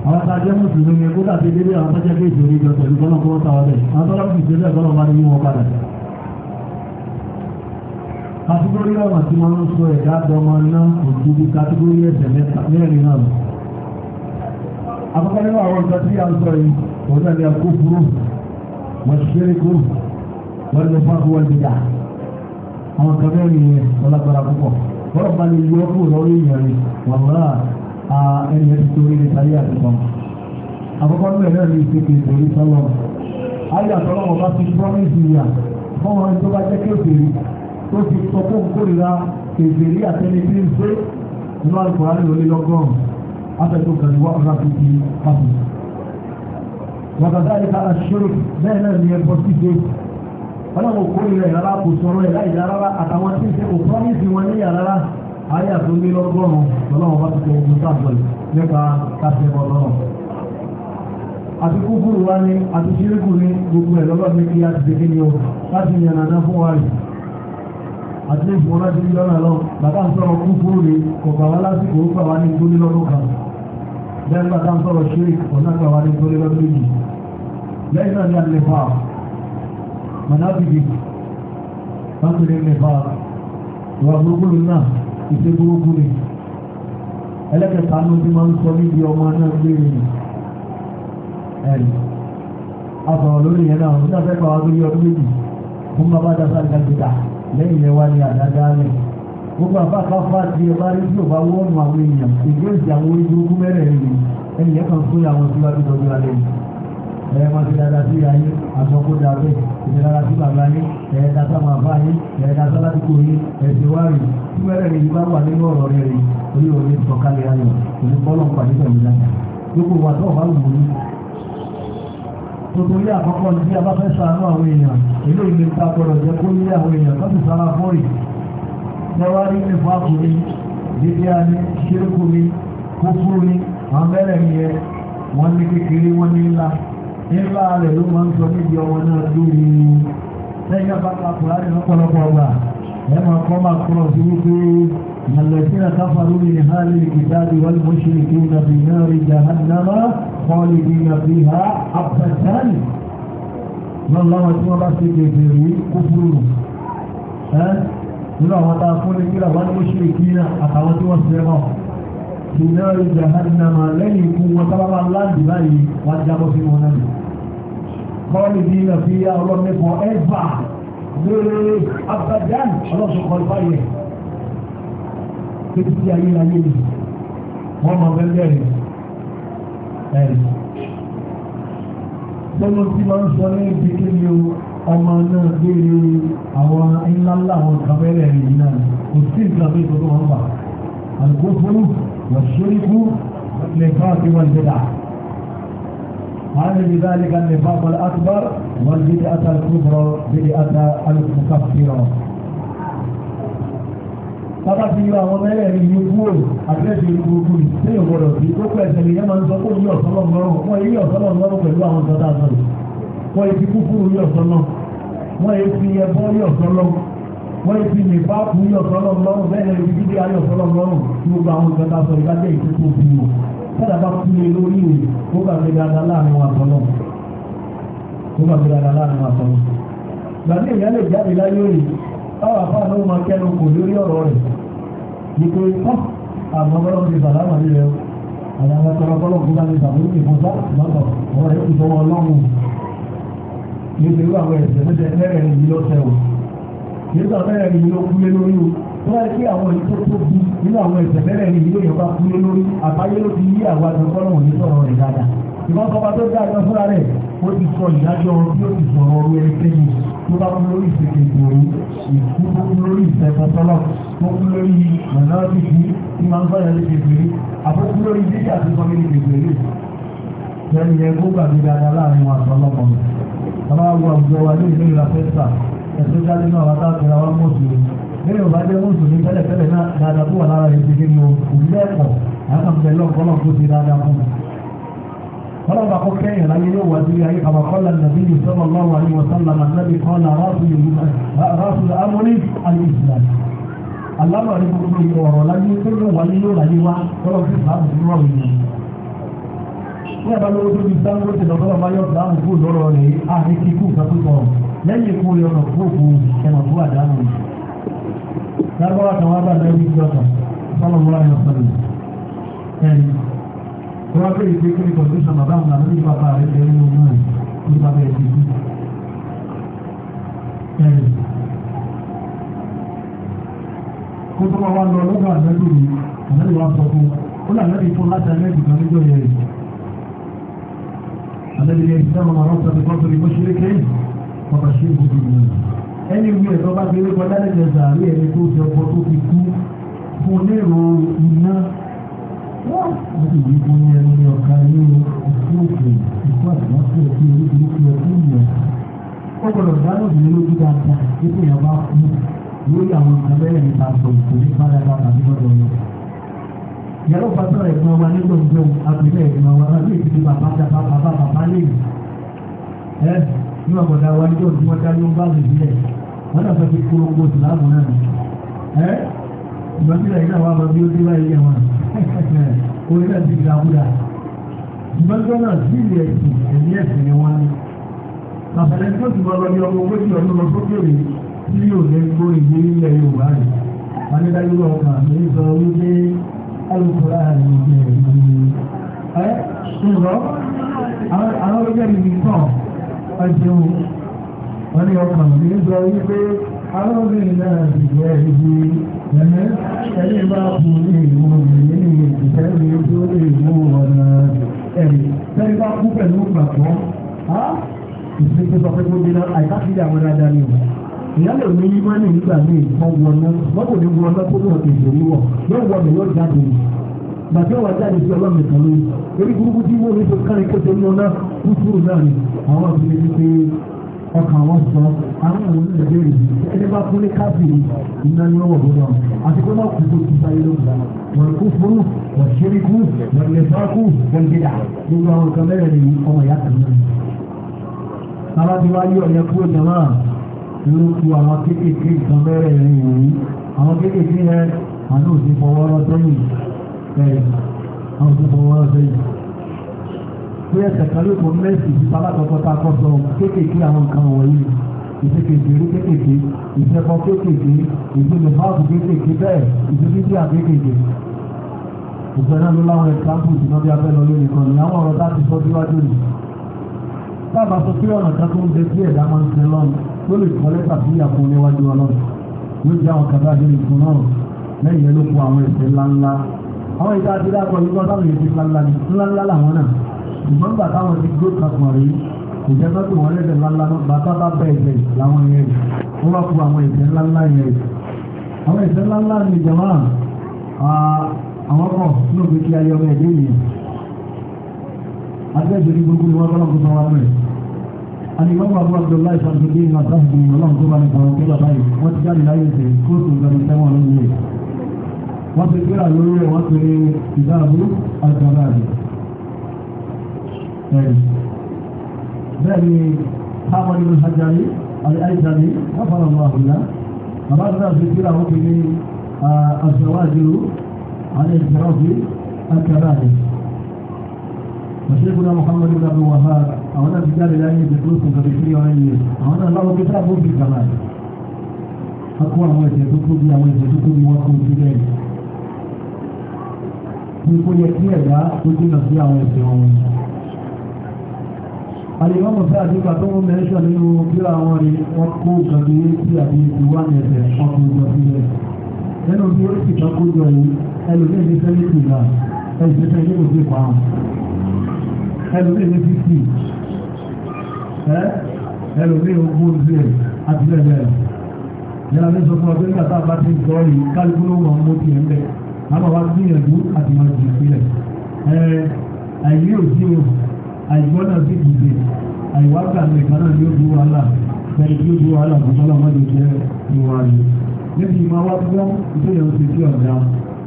àwọn tá a jẹ́ mùsùlùmí ní kódà ti délé àwọn tọ́jẹ́ pé ìṣòro ìjọ pẹ̀lú bọ́lá kọ́ ta ọ̀lẹ̀ àwọn tọ́lá fi ìṣẹ́lẹ̀ bọ́lá wà ní wọn padà kàtígórì ọ̀nà tí wọ́n ń sọ ẹ̀dá dọ́mọ náà kò ju bí kàtígórì ẹ̀sẹ̀ mẹ́rin náà lọ àkọ́kọ́ nínú àwọn nǹkan tí à ń sọ yìí òun náà ni àkókò wọ́n ṣe é kó wọ́n lọ fún àwọn ìgbà àwọn kan bẹ́ẹ̀ ni ọlágbára púpọ̀ wọ́n bá lè yọ kó lọ́rí ìyẹ̀rì wàhálà ẹni ẹni torí ní sáré àtìkọ́ àkọ́kọ́ bẹ́ẹ̀ náà ní ìfẹ́kẹ̀ ìtòrí sọ́lọ́ ayé àtọ́lọ́wọ́ bá ti promise ìyà fún wọn tó bá jẹ́ kéfèrí tó ti sọ fún kórìíra kéfèrí àtẹni tí ń ṣe nínú àlùkòrá ní orí lọ́gọ́rùn afẹ́tò kan ní wọ́n rà fi ti pàṣẹ. wàtàdá ìka àṣírí bẹ́ẹ̀ ọlọ́run kò ní rẹ̀ rárá kò sọ̀rọ̀ ẹ̀ láì rárá àtàwọn tí ń ṣe kò promise wọn ní yàrá ayé àtúndí lọ́gọ́rùn-ún ọlọ́run bá ti tẹ ogun sáàpọ̀ nípa káṣẹ́ ọlọ́run àti kúkúrú wa ni àti ṣíríkù ni gbogbo ẹ̀ lọ́gbà mi kí a ti ṣe kíni o láti yàn nàná fún wa rè àti lè fún ọ láti rí lọ́nà lọ bàbá ń sọ̀rọ̀ kúkúrú rè kò bà wá lásìkò ó bà wá ní gbólé lọ́dún kan lẹ́yìn bàbá ń sọ̀rọ̀ ṣíríkù ọ̀nà bà wá náà ni a منابذ فقد النفاق وغلوب الناس ìṣègbúrúkú ni ẹlẹ́kẹta ló ti máa ń sọ níbi ọmọ náà léèrè ni ẹ̀rì asọ̀rọ̀ lórí yẹn náà nígbà fẹ́ kọ́wá lórí ọdún méjì fún bàbá dasa ìdájọba lẹ́yìn yẹn wá ní àdájá rẹ̀ gbogbo àbáfá fáti ẹ bá rí tí ò bá wọ́ọ̀nù àwọn èèyàn ìgbésí àwọn orí burúkú mẹ́rẹ̀ẹ́rin ni ẹnìyẹn kan fún àwọn síwájú lọ́jọ́ alẹ́ yìí ẹ máa ṣe dáadáa sí ayé àsọkó dàbẹ ìṣe dáadáa sí bàbá yín ẹ dá sáwọn àbá yín ẹ dá sáládùkú yín ẹ ṣe wá rí tí wẹ́rẹ́ rẹ̀ yìí bá wà nínú ọ̀rọ̀ rẹ̀ rẹ̀ orí òní sọ̀kalẹ̀ ayọ̀ òní bọ́lọ̀ pàdé pẹ̀lú dáadáa gbogbo wa tó wà wù mí. Tòtòrí àkọ́kọ́ ni bí a bá fẹ́ sàánú àwọn èèyàn, èlé ìlú ta gbọ́dọ̀ jẹ́ kó yé àwọn èèyàn tó ti sára fọ́ọ̀rì. wọ́n ní kékeré, wọ́n ní ńlá nípa rẹ̀ ló máa ń sọ níbi ọmọ náà lórí lẹ́yìn àpapọ̀ àkùrárì lọ́pọ̀lọpọ̀ ọgbà ẹ máa kọ́ máa kúrọ̀ sí wípé الذين كفروا من أهل الكتاب والمشركين في نار جهنم خالدين فيها أبدا lọ́lọ́wọ́ tí wọ́n bá ṣe gbèbèrè kúfúrú nínú àwọn tá a fún ní kíra wọn ní ó ṣe kíra àtàwọn tí wọ́n ṣe mọ́ ìnáwó jahannama lẹ́yìn ikú wọn sábà máa ń láǹdì báyìí wọ́n jábọ́ sínú wọn náà kọ́ọ̀lì bí iná fi yá ọlọ́run ní fún ẹ́fà lórí abadan ọlọ́sùn kọ́ọ̀lì báyẹ̀ títí tí ayé ayé mi wọ́n máa fẹ́ bẹ̀rẹ̀ ẹ̀rì. Lọ́lọ́ tí máa ń sọ ní ìdíkẹ́ ni o ọmọ náà léèrè àwọn ńláńlá àwọn kàbẹ́rẹ́ rẹ̀ náà kò sí nǹkan tó tó tó wọn bà. Àlùkò fún wàṣẹ́ríkú lè fà á ti wọ́n jẹ́dà. هذا لذلك النفاق الأكبر والبدعة الكبرى بدعة المكفرة bàbá ti yọ àwọn mẹ́rẹ̀ẹ̀rin ní kúrò àdírẹ́sì gbogbo ìsìn ìwọ̀rọ̀ sí ó pẹ̀ ìṣẹ̀lẹ̀ yẹn máa ń sọ pé òní ọ̀sọ́lọ̀ lọ́rùn wọ́n yí ọ̀sọ́lọ̀ lọ́rùn pẹ̀lú àwọn sọ́dá sọ́dọ̀ wọ́n yí ti kúkúrú yí ọ̀sọ́lọ̀ wọ́n yí ti ẹbọ yí ọ̀sọ́lọ̀ wọ́n ti lè bá fún yọ̀ sọ́lọ́ lọ́rùn bẹ́ẹ̀ ni ibi ayọ̀ sọ́lọ́ lọ́rùn tí ó gba àwọn ìjọba sọ ìbájẹ́ ìtútù fún wọn sọ́dà bá kú lé lórí ìwé ó gbà fi dáadáa láàrin wa sọ́lọ́ ó gbà fi dáadáa láàrin wa sọ́lọ́ gbàgbé ìyá lè jáde láyé òye báwa fáà ló máa kẹ́nu kò lórí ọ̀rọ̀ rẹ̀ ní pé tọ́ àmọ́ bọ́lọ́mù ti bàlá wà nílẹ̀ o àwọn ọmọ nígbà mẹ́rẹ̀ ni ló kúlé lórí o tó wáyé pé àwọn ètò tó bí nínú àwọn ẹ̀sẹ̀ mẹ́rẹ̀ ni ilé ìyọba kúlé lórí àbáyé ló ti yí àwọn àtọ̀kọ́rọ̀ òní sọ̀rọ̀ rẹ̀ dáadáa ìbọn kọba tó dá ẹjọ́ fúnra rẹ̀ ó ti sọ ìdájọ́ bí ó ti sọ̀rọ̀ ọrú ẹnikẹ́ni tó bá kú lórí ìsèké ìgbòho ìkú tó kú lórí ìsẹ̀kọ̀ sọ́lọ̀ tó kú lórí mọ̀nàdìkú tí máa ń bọ̀ yẹn lóde ìgbèrè àbókú lórí dídí àti sọmi ní ìgbèrè lẹ́nu yẹn gbógbà gbígbà dáadáa láàrin wọn àtọ́lọ́mọ bàbá wo àwùjọ wa ní ìlú ìlà fẹ́sà ẹ̀sùn jáde náà wá táwọn ìlà wa mọ̀sùlùmí nínú ìwà jẹ́ mọ̀sùlùmí tẹ́lẹ̀tẹ́lẹ̀ náà dáadáa tó wà lára rẹ̀ ti kéde òlẹ́ẹ̀kọ̀ àkànfẹ́ lọ́kọ́lọ́ tó ti dáadáa fún mi. ولما قلت يا لي وزي كما قال النبي صلى الله عليه وسلم النبي قال راس راس الامر الاسلام alámọ̀ ní gbogbo ọ̀rọ̀ láyé tó yóò wáyé yóò láyé wá tọ́lọ̀ sí ìsìláàmù ní rọ̀ yìí ní àbálòwò tó fi sáńgó tẹ̀lọ́ tọ́lọ̀ máa yọ ìsìláàmù kú lọ́rọ̀ rẹ̀ á ní kíkú nǹkan tó sọ̀rọ̀ lẹ́yìn ikú rẹ̀ ọ̀nà fúrufú ẹ̀nà fún àdánù lágbára kan wá bá lẹ́yìn ìjọ kan sọ́lọ́wọ́ ẹ̀nà sọ́lọ́ ẹ̀rí wọ́n pè é pé kí ni condition bàbá àwọn àmì ní bàbá rẹ̀ lẹ́yìn inú rẹ̀ ní bàbá rẹ̀ ti kú ẹ̀rí kó tó máa wá lọ lọ́dọ̀ àlẹ́bí rẹ̀ àlẹ́bí wa sọ fún ó là lẹ́bí fún láti àlẹ́bí kan níjọ yẹn àlẹ́bí yẹn ti dáhùn ọba ṣe é gbogbo ìlú ẹni wí ẹ̀ tọ́ba fi rí kọjá lẹ́jẹ̀ sàárè ẹni tó fi ọkọ tó fi kú fún lérò iná wọ́n ti yí fún ní ẹnu ní ọ̀ka ní ìfú òkè ìfú àtìmọ́sí ẹ̀kí oríṣiríṣi ẹ̀kú ìyẹn ó gbọ́dọ̀ dáná ìdílé lójú dáadáa dípò yẹn bá kú lórí àwọn nǹkan bẹ́ẹ̀ nípa àgbọ̀ ìkò nípa dáadáa tàbí gbọ́dọ̀ lọ yàrá òfàtọ́ rẹ̀ fún ọmọ nígbà òjò àbílẹ̀ ìgbìmọ̀ wọn lábẹ́ ìdílé bàbá bàbá bàbá lè ẹ́ ní ọ̀bọ̀dá wa ní ọdún wọ́n dárí wọn bá lè sílẹ̀ wọ́n dàgbà fi kúrò owó ìsìláàmù náà ẹ́ ìgbà tí ìlànà wa bá bí ó dé báyìí yẹn wọn orí náà ti gbà wúdà ìgbàgbọ́ náà sí ilẹ̀ ẹ̀sìn ẹ̀mí ẹ̀sìn ni wọ́n ní àfẹ́lẹ́ tó ti wọ́n lọ ní ọmọ ogójì ọdún lọ sókè rè tí yóò lè gbó ìwé ilẹ̀ Yorùbá rè anídájú lọ kàn mí sọ wípé alùpùpù ààrẹ ìgbẹ́ ìgbẹ́ ẹ̀ ń lọ àwọn ọlọ́jọ́ ìgbìmọ̀ ọkọ̀ jẹun wọ́n ní ọkàn mi ń sọ wípé arábìnrin náà ti jẹ́ ibi ẹ̀mẹ́ ẹni bá kú ní ìlú òmìnir ní ìṣẹ́ mi tó lè mú ọ̀nà ẹ̀rí ẹni bá kú pẹ̀lú gbàgbọ́ ìṣẹ́ tó sọ pé kó dínà àìkáfíì àwọn dáadáa ni o ìyá lè ní yíwá ní ìgbà míì wọ́n wọnú wọ́n kò ní wọnú ìṣòwò wọ̀ yóò bàtí wà jáde sí ọlọ́run nìkan lórí orí burúkú tí wọ́n ní tó kárí kó tó ní ọ̀nà kúkúrú náà ni àwọn àbúrò ní pé ọkàn àwọn sọ àwọn òun ní ẹgbẹ́ rẹ̀ ẹni bá fún ní káfíìn iná ní ọwọ́ gbọdọ̀ àti kó má kú tó ti sáyé lọ́gbà wọn kú fún wọn ṣeré kú wọn lè bá kú wọn gbé gbogbo àwọn nǹkan mẹ́rẹ̀ ni ọmọ ìyá kan náà. bàbá ti wá yí ọ̀yẹ́ kúrò jàmá ló ku àwọn kéékèèké nǹkan mẹ́rẹ̀ rẹ̀ yìí àwọn kéékèèké yẹn àánú òsì fọwọ́rọ́ sẹ́yìn àwọn tó bọ̀ wọ́n sẹ́yìn bí ẹsẹ̀ kan ló kọ mẹ́sì ìfipá alákọ̀ọ́kọ́ tá a kọ́ sọ kéékèèké àwọn nǹkan wọ̀nyí ìṣèkèké rí kéékèèké ìṣẹ́kọ̀ kéékèèké ìṣẹ̀lẹ̀ fáàbù kéékèèké bẹ́ẹ̀ ìṣèkèké àkéékèèké ìṣẹ̀lẹ̀ ló láwọn ẹ̀káńpù ìṣúná bí abẹ́ lọ lórí kan ní àwọn ọ̀rọ̀ láti sọ síwájú ni tábà sọ pé ọ̀nà kan tó ń bẹ sí ẹ̀dá máa ń sin lọ́nà tó lè kọ́ lẹ́tà sí ìyàpọ̀ níwájú ọlọ́run yóò jẹ́ àwọn kàdá àdéhùn fún náà lẹ́yìn ẹ̀ ló kó àwọn ẹ̀ṣẹ̀ ńláńlá àwọn ìta àti dákọ̀ yìí kọ́ táwọn èdè ńláńlá làwọn náà ìgbọ́n gbà táwọn ti gbé kakọ̀ rí kò jẹ́ mẹ́tò wọn lẹ́sẹ̀ ńláńlá bàtà bá bẹ́ẹ̀ bẹ́ẹ̀ làwọn yẹn wọ́n wá fún àwọn ìtẹ́ ńláńlá yẹn àwọn ìtẹ́ ńláńlá ni jama àwọn kọ̀ ní òbí kí ayé ọmọ ẹ̀dẹ́ yìí adébẹ̀jẹ̀ ní gbogbo ìwọ́n kọ́lọ́ kọ́sọ́ wa mẹ́rin alimọ́ abu abdullahi sàbẹ̀dẹ̀ ní wàtá ìgbìmọ̀ ọlọ́run tó bá ní wọ́n ti gbéra lórí rẹ̀ wọ́n ti rí ìdáàbò àgbàbà rẹ̀ bẹ́ẹ̀ ni táwọn ìlú hajjari àìjáde wọ́n fara wọn àbúlá bàbá tó náà ti gbéra wọ́n ti ní àṣẹwájú àti ìṣẹ́rọ́bì àgbàbà rẹ̀ Mashayikuna Muhammad ibn Abdul Wahhab àwọn náà ti jáde láyé ìdẹ̀kùn tó kàbí sí ọ̀rẹ́ yìí àwọn náà láwọn kí sáà bó fi kàmáà. Akọ́ àwọn ẹ̀jẹ̀ tó tóbi àwọn ẹ̀jẹ̀ tó tóbi wọn kò sí lẹ́yìn bí kó yẹ kí ẹ̀dá tó ali vamos àwọn ẹ̀sẹ̀ wọn. àyẹ̀wò ọ̀fẹ́ àdúgbà tó ń mẹ́ṣọ̀ nínú bí àwọn rí wọn kó gbàgbé sí àbí ti wá ní ẹ̀sẹ̀ wọn kò jọ sílẹ̀ nínú bí ó sì kan kó jọ yìí ẹlòmíì ní sẹ́lẹ̀ ìgbà ẹ̀sẹ̀ tẹ̀ ní òfin pa àwọn ẹlòmíì ní fífì ẹlòmíì ogún ojú ẹ̀ àti bẹ́ẹ̀ bẹ́ẹ̀ yàrá ní sọ fún ọdún nígbà tá a bá ti gbọ́ yìí kálukú ló wọ̀ ọ́n mú tiẹ̀ àmọ́ wa gbìyànjú àti máa jù sílẹ̀ àìrí òsì o àìgbọ́n náà sì dìde àìwá gbàgbé kan náà yóò dúró wàhálà bẹ́ẹ̀ yóò dúró wàhálà fún sọ́lá ọmọdé jẹ́ ìwà rẹ̀ níbi ìmọ̀ wa gbọ́ ìtòyẹ̀ oṣù tí ọ̀dà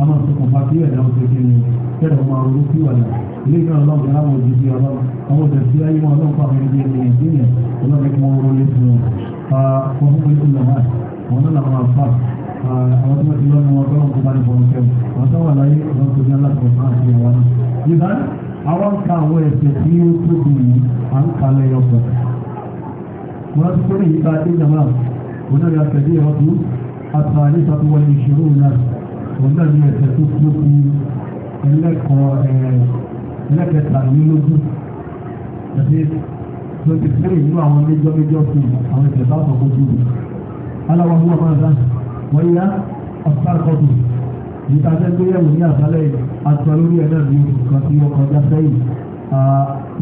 àmọ́ sọ̀kàn bá kí ẹ̀dá oṣù tí ni kẹ́rẹ̀ ọmọ orú sí wàhálà ilé ìgbà ọlọ́ọ̀gá àwọn òjijì ọlọ́ọ̀ àwọn òjijì ayé wọn ọlọ́ọ̀pá àwọn ẹni ẹni ìdíyẹn ọlọ́ọ̀gá kí wọ́n rọlé fún wọn. ọ̀hún pẹ̀lú ìlànà àwọn náà làwọn àfà àwọn tó ti lọ́nà wọn tọ́lọ́n kó bá ní bọ́n kẹ́wọ̀ àwọn tó wà láyé ọ̀dọ́ tó ní aláàbò máa fi wọn náà. ìdá àwọn ń ka àwọn ẹ̀sẹ̀ tí ó tóbi yìí à ń kalẹ̀ ọkọ̀. mo rántí pé ní ìgbà dé jàmbá onáyà tẹ̀lé ọdún àtàlẹ́ ìsàtú wọlé ìṣòro náà òun náà ní ẹ̀sẹ̀ tó tóbi ẹlẹ́kọ̀ọ́ ẹlẹ́kẹtàlélógún twenty three nínú àwọn méjọ́ méjọ́ fún àwọn ìṣẹ̀dá ọ̀sán kojú aláwọ̀ mú ọ̀pá náà wọ́yá ọ̀sánkọ́tù yìí ta jẹ́ gbéyàwó ní àbálẹ̀ àti olórí ẹ̀dá ní oṣù kan tí ó kọjá sẹ́yìn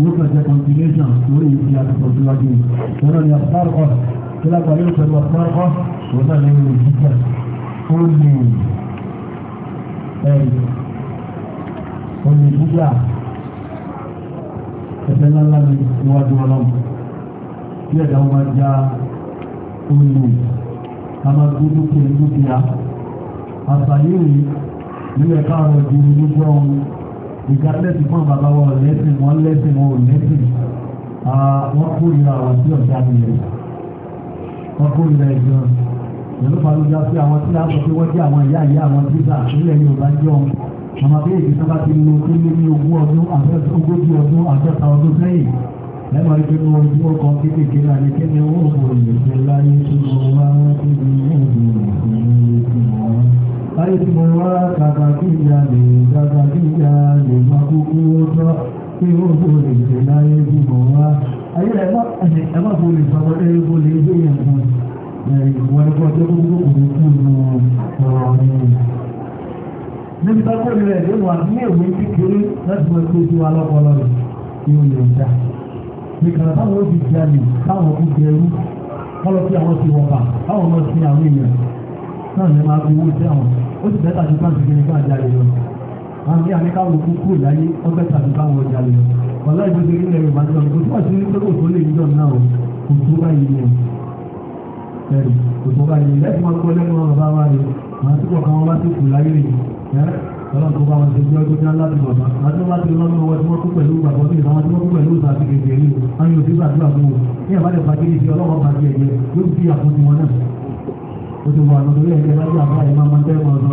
yóò kàn jẹ́ continuation lórí ìfi àtúntò síwájú wọn náà ni ọ̀sánkọ́ kí lápá yóò pẹ̀lú ọ̀sánkọ́ wọn náà lẹ́yìn òjíṣẹ́ ó lè ẹ̀yìn olè gbígbà ẹ̀fẹ́ ńláńlá ni níwájú ọlọ́run bí ẹ̀dá wọn máa já olè kama gbogbo kiri dúkìá àṣàyíwì nílẹ̀ káàrọ̀ ju nígbà ohun ìjà lẹ́sìn fún bàbá wọn lẹ́sìn wọn lẹ́sìn wọn ò lẹ́sìn wọ́n kó ìra àwọn tí ọ̀dà nìyẹn wọ́n kó ìra ẹ̀jọ́ ìlú balùwẹ̀ sí àwọn tí a sọ pé wọ́n jẹ́ àwọn ìyá ìyá àwọn tíṣà nílẹ̀ Yorùbá jọ ọmọ bí èdè sábà ti lo tó lé ní ogún ọdún àfẹ́ ogójì ọdún àfẹ́ta ọdún sẹ́yìn lẹ́mọ̀ ní pínú ojú ọkọ̀ kéèkéé náà ní kí ni ó bò ìrìnṣẹ́ láyé tí mo wá tí mo wá tí mo wá láyé tí mo wá kàkà kí ìyá lè kàkà kí ìyá lè má kúkú ó tọ́ tí ó bò ìrìnṣẹ́ láyé tí mo wá ayé ẹ̀má bò lè sọ́kọ́ tẹ́lẹ̀ bò lè gbé yẹn kan ìwọ̀n ẹ̀kọ́ tó kó kó kó kú nù ọ̀rọ̀ ni níbi tó kó lè rẹ̀ wà ní èwe kékeré láti mọ ẹgbẹ́ ojú wa lọ́pọ̀lọpọ̀ tí ó lè dá ìkànnà táwọn ó fi di àlè táwọn ó jẹ ẹrú wọ́n lọ sí àwọn ti wọ̀n bà táwọn lọ sí àwọn èèyàn náà ní máa fi owó sí àwọn ó sì bẹ́ẹ̀ tàbí báńkì kí ni bá jalè lọ. àmì àní káwọn òkú kúrò láyé wọ́n bẹ́ẹ̀ tàbí báwọn jalè lọ. wàlá ìgbésẹ̀ ilẹ̀ Yorùbá ti lọ́nà kò tó àti ní pẹ́kọ̀ tó lè yíjọ náà o kò tó báyìí ni ẹ̀rì kò tó báyìí lẹ́sìn máa gbọ́ lẹ́nu ọ̀rọ̀ bá wà ní màá túbọ̀ káwọn bá ti kù láyé rè ọlọ́run bá wọn ṣe gbé ọdún ní aládùúgbò àti wọn bá ti lọ́nà wọn tí wọ́n kú pẹ̀lú ìgbàgbọ́ bí ìbáwọn tí wọ́n kú pẹ̀lú ìgbà àti kèké rí o ayé òsì gbàdúrà fún o ní àbálẹ̀ fagídí sí ọlọ́run bá ti ẹ̀yẹ yóò fi àkóso wọn náà o ti wọ àwọn orílẹ̀ èdè lájú àbúrà yìí máa máa tẹ́ wọn lọ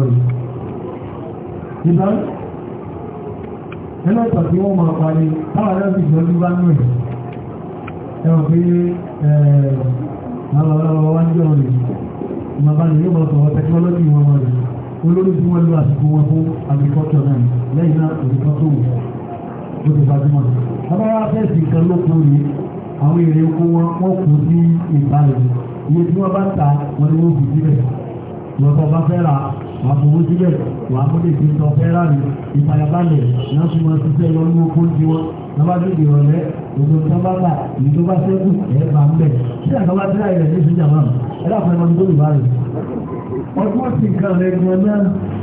rẹ̀. ìgbà olórí tí wọ́n lọ àsìkò wọn fún agriculture náà lẹ́yìn náà òṣìṣẹ́ tó wù ló ti gbajúmọ̀. bàbá wa fẹ́ sí nǹkan lóko rí àwọn èrè oko wọn wọ́n kù sí ìbàlẹ̀ iye tí wọ́n bá ta wọn ni wọ́n kù síbẹ̀ lọ́tọ̀ bá fẹ́ ra wà fowó síbẹ̀ wà fún lè fi tọ́ fẹ́ rà ní ìfàyàbalẹ̀ náà tún máa ṣiṣẹ́ lọ ní oko ti wọn lọ́ba ìrọ̀lẹ́ òdo tó bá ṣẹ́kù ẹ̀ bá àgbà bá tẹ́lẹ̀ rẹ̀ ní ìṣújà máa ẹ̀rọ ọdún sí nǹkan rẹ̀ gan náà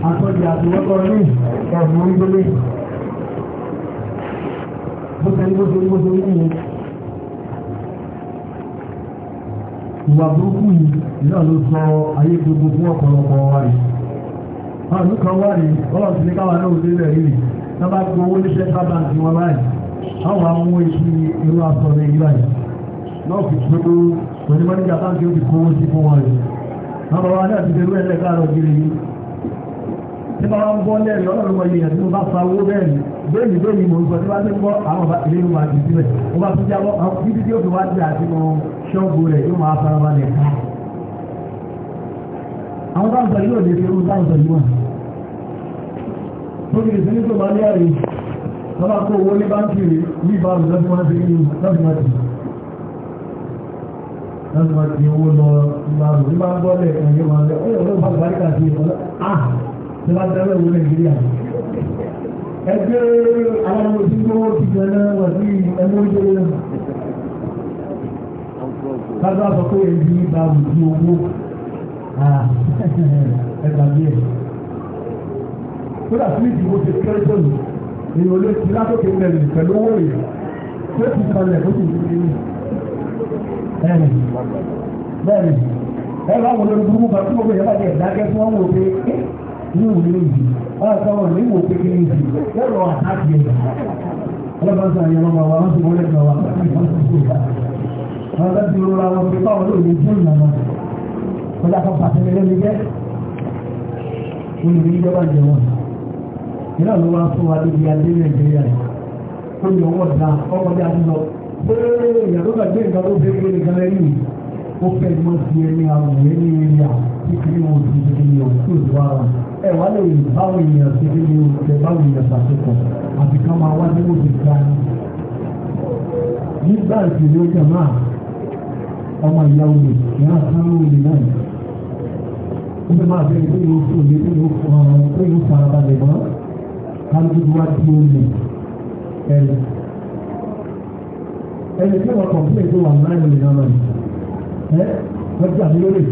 àtọ́jà àtúwọ́kọ́ ní ọ̀gbọ̀n orílẹ̀ bó tẹ́lú bó tẹ́lú bó tẹ́lú yìí ìwà burúkú yìí náà ló sọ ayé gbogbo fún ọ̀pọ̀lọpọ̀ wa rẹ̀ àwọn kan wà ní ọlọ́run sí ní káwa náà ó délẹ̀ rí náà bá gbowó níṣẹ́ sábà ti wọn báyìí àwọn amú iṣu irú aṣọ ní ìlà náà fi gbogbo onímọ̀ nígbà báńkì ó fi kówó sí fún wọn rẹ̀ àwọn ọmọ náà ti fi rúwẹ́ lẹ́ka àrọ̀ gírí yìí tí bá ń bọ́ lẹ́rìí ọlọ́run mọ iye yẹn tí mo bá fa owó bẹ́ẹ̀ ni bẹ́ẹ̀ni bẹ́ẹ̀ni mo ń sọ tí wọ́n ti ń bọ́ àwọn ọba ilé ìwà àti lè fi irú táwọn sọ tó kìí sínú tó bá ní àyè lọ́ba kó owó ní báńkì rí ní ìbámu lọ́sí wọn ti rí lọ́sí láti máa di owó lọ ìlànà tí bá ń bọ́ lẹ̀ ẹ̀yẹ máa lẹ̀ ọ̀yọ̀ ọ̀rọ̀ ah! bá gbárí kà sí ọ̀lá ah tí bá dáná ìwé nàìjíríà ẹgbẹ́ aláwọ̀ tí ó ti gbẹ̀nà wà sí ẹnu oúnjẹ yẹn kájú àpò pé èyí bá wù sí owó ah! ẹgbà bí ẹ̀ kódà sí ìdìbò ti kéré sọ̀rọ̀ èyí ò lè ti látòkè mẹ́rin pẹ̀lú owó rẹ̀ tó ti kalẹ̀ tó ti fi bẹ́ẹ̀ni bẹ́ẹ̀ni ẹ̀rọ àwọn olórí burúkú kan tí wọ́n bẹ̀rẹ̀ bàjẹ́ ìdákẹ́ tí wọ́n wò pé ní òwúrọ̀ yìí wọ́n sọ wọn ní wò pé kí ní ìdí lọ́rọ̀ àtàkì ẹ̀ ọlọ́pàá sọ àyẹ̀wò ọmọ wa wọ́n ti wọlé kan wa wọ́n bá ti rọra wọn pé báwọn lóòrè jẹ́ ìlànà wọ́n dákọ̀ pàṣẹ lẹ́nu jẹ́ olùdí ìjọba jẹ wọn ìlànà wa fún wa lórí adé Nàìjíríà ó yọ wọ́n dá ọmọdé àdúgbò pé ìyàtọ̀ gbàgbé nǹkan tó fẹ́ gbé nìkan lẹ́yìn ó fẹ́ mọ́ sí ẹni àwọn ẹni ẹni à kíkiri wọn ti di ní ọ̀tún ìwà rẹ̀ ẹ wà lè báwọn èèyàn ti di ní oṣù báwọn èèyàn ṣàtúnkọ àti ká máa wá ní oṣù ká nígbà ìṣèlú ọjà náà ọmọ ìyá olè ìyá sáré olè náà ó fẹ́ máa bẹ̀rẹ̀ pé yóò fún olè pé yóò farabalẹ̀ mọ́ ká wá di olè ẹ̀rọ ẹni tí wọ́n kọ̀m̀pé tó wà náà ní ìlànà ẹ̀ wọ́n jà mí lórí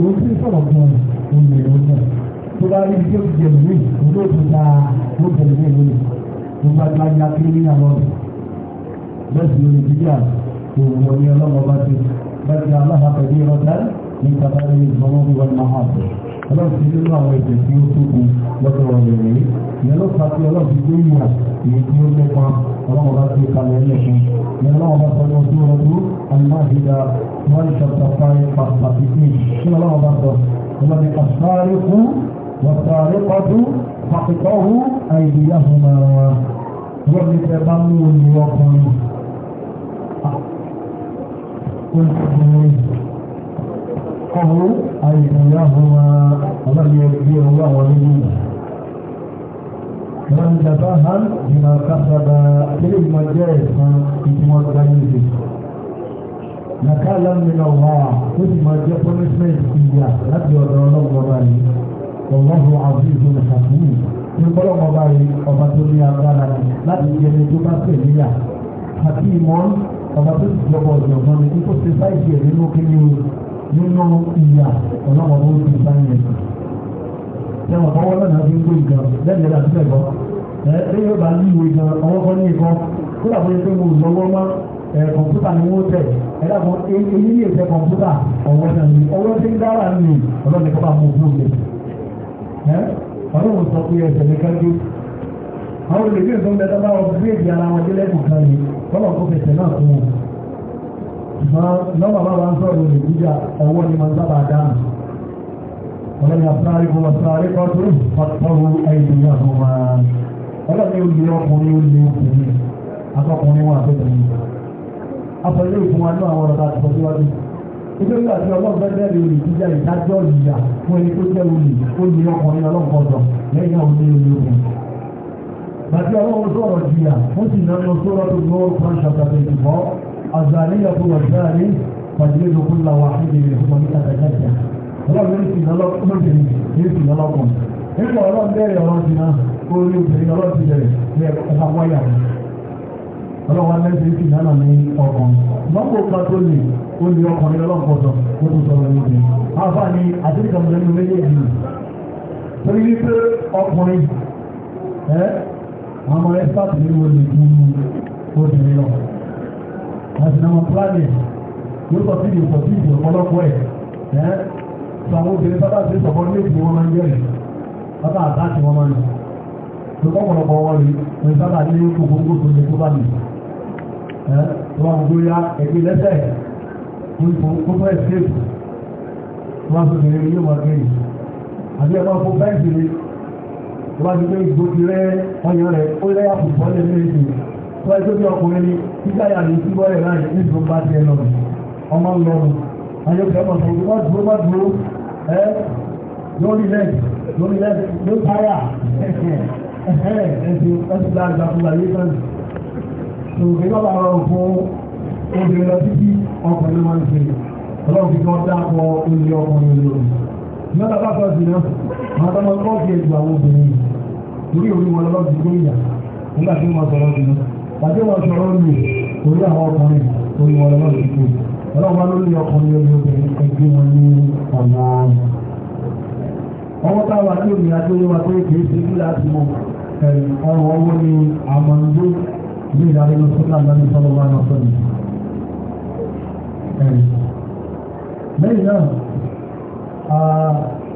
òun tí sọ̀rọ̀ gan òun lè lọ sọ tó bá rí ibi tó ti jẹ̀mí mí òun ló ti ta ó jẹ̀mí mí lórí òun bá gba ya kiri ní àwọn bẹ́ẹ̀sì lórí jíjà òun wọ̀nyí ọlọ́mọba ti bẹ́ẹ̀sì aláhàpẹ̀lẹ́ ọ̀dá ní kàtàkì ìgbọ̀nmọ́ bí wọ́n máa hà sí ọlọ́run nínú àwọn ẹ̀jẹ̀ tí ó tóbi lọ́sọ̀ ọ̀rẹ́ rẹ̀ ìyẹn ló fà sí ọlọ́run tó yà èyí tí ó lẹ́pa ọlọ́run bá ti kalẹ̀ lẹ́kùn ìyẹn ọlọ́run bá sọ lọ́sọ̀ ọdún aláàbídà wọ́n ṣọ̀tà fáyé pàtàkì kí ọlọ́run bá sọ ọlọ́run kàṣáárẹ̀ fún wọ̀ṣáárẹ̀ pàtó pàtẹ́kọ̀ọ́hún àìdíyàhùn kọ́bú àìsànyáhùnmá ọlọ́lẹ̀ bí ọwọ́ àwọn méjì wọ́n dàbá ha ìmọ̀ kásábà tẹ́lẹ̀ ìmọ̀ jẹ́ ẹ̀sán ìtumọ̀ gbáyé nàkàlà mìíràn wà ó sì máa jẹ́ punishment ìyà láti ọ̀dọ̀ ọlọ́mọba yìí ọlọ́run àbúrò nàkàkùn ní ọlọ́mọba yìí ọba tó ní agbára láti yẹ ní tó bá tẹ̀lé yà àti ìmọ̀ ọba tó ti jọba ọ̀dọ̀ ọ̀gbọ́n ní kó ṣe báyìí ẹ̀ nínú kíni o nínú ìyà ọlọ́wọ́ ló ti bá yẹn. ṣé wọn kọ́wọ́ lọ́nà fi ń gbé gan lẹ́yìn ìlà sílẹ̀ gan ẹ ẹ yóò bá ní ìwé gan ọwọ́ kan ní ìkan kó dà bóyá pé mo lọ́wọ́ mọ́ ẹ ni wọ́n tẹ̀ ẹ dàgbọ́n èyí e, ni e, ìfẹ́ kọ̀ǹpútà ọwọ́ náà ni ọwọ́ tí ń dára ni ọlọ́ni kọ́ bá mú fún mi. ẹ ọlọ́run sọ pé ẹsẹ̀ ní kájú àwọn olùdíje tó ń lọ́wọ́ bàbá ń sọ̀rọ̀ lè jíjà ọwọ́ ni wọ́n sábà dáàmù ọlọ́ni àtàrí kò wọ́n sáré kọ́ tó pàtàkì ẹ̀yìn ní àwọn ọmọ ọlọ́ni olè ọkùnrin olè ọkùnrin akọkùnrin wọn àtọ́kùnrin afọlẹ́ ìfún wa náà àwọn ọ̀rọ̀ àti ìfọ̀síwájú ìgbé nígbà tí ọlọ́run fẹ́ bẹ́ẹ̀ lè jíjà ìdájọ́ ìyà fún ẹni tó jẹ́ olè olè ọkùnrin ọlọ́nkọ̀ọ̀dọ̀ lẹ́yìn àwọn olè olè ọkùnrin bàtí ọlọ́run sọ̀rọ̀ jìyà ó sì náà lọ sọ́rọ̀ tó gbọ́ الزانية والزاني فاجلدوا كل واحد منهما مئة جلدة ọlọ́run ní ìsìn ọlọ́run ní ìsìn ọlọ́run nípa ọlọ́run bẹ̀rẹ̀ ọ̀rọ̀ ti náà ó ní obìnrin ọlọ́run ti bẹ̀rẹ̀ ní ẹ̀ka wáyà ọlọ́run mẹ́sẹ̀ ìsìn náà ní ọkàn lọ́pọ̀ kan tó lè ó ní ọkùnrin ọlọ́run pọ̀tọ̀ ó tún sọ̀rọ̀ níbi afa ni àtìkàn lẹ́nu méjèèjì torí wípé ọkùnrin ẹ àwọn ẹ̀fà tó ní wọlé fún obìnrin náà àti àwọn planet yóò sọ síbi ìsọ síbi ọ̀pọ̀lọpọ̀ ẹ̀ ẹ́ sọ àwọn obìnrin bá bá ti sọ̀kọ́ ní èdè wọn máa ń jẹ́rìí bàbá àtàkì wọn máa ń lò tó kọ́kọ̀lọpọ̀ wọn rí ní sábà ní gbogbo tó lè tó bá mi ẹ́ tó bá gbogbo ya ẹgbẹ́ lẹ́sẹ̀ kó tó ẹ̀sìkèpù tó bá tó lè rí yóò máa gbé yìí àbí ẹ̀ máa fún bẹ́ẹ̀sì ni tó bá ti ìgbòkì rẹ̀ ọyàn wọ́n ẹjọ́ bí ọkùnrin ní títàyà ní sí bọ́ọ̀lẹ̀ láàyè ní ìdúró bá ti ẹlọ́run ọmọ ńlọrun ayọ́kẹ́ ọmọ sọ wọ́n dúró má dúró ẹ lórí lẹ́ẹ̀kì lórí lẹ́ẹ̀kì ló táyà ẹ̀hẹ́ ẹ̀sìn ẹ̀sìn láàrín àkùnrin àyè sàn tòkè bàbá rọrùn fún obìnrin lọ títí ọkùnrin máa ń ṣe ọlọ́run fi kọ́ dáàbọ̀ oúnjẹ ọkùnrin lórí mẹ́ta bá fẹ́ sí náà máa tọ́ mọ́ kọ́ọ̀kì ẹ̀dùn àwọn obìnrin torí òun wọn lọ́ọ́ ti gbé ìyà nígbà tí wọ́n sọ̀rọ̀ jùlọ Bàbá wọn sọ̀rọ̀ lù orí àwọn ọkùnrin orí wọn lọ́wọ́ sí kú. Ọlọ́run bá lórí ọkùnrin orí obìnrin ẹgbẹ́ wọn ní ọ̀nà ọ̀nà. Ọmọ táwa tí òmìnira tó yẹ wa pé kìí ṣe kí láti mọ ọrùn ọwọ́ ni àmọ́ndó ní ìdádúró sọ́kà lọ́dún sọ́lọ́ wa náà sọ́ni. Lẹ́yìn náà,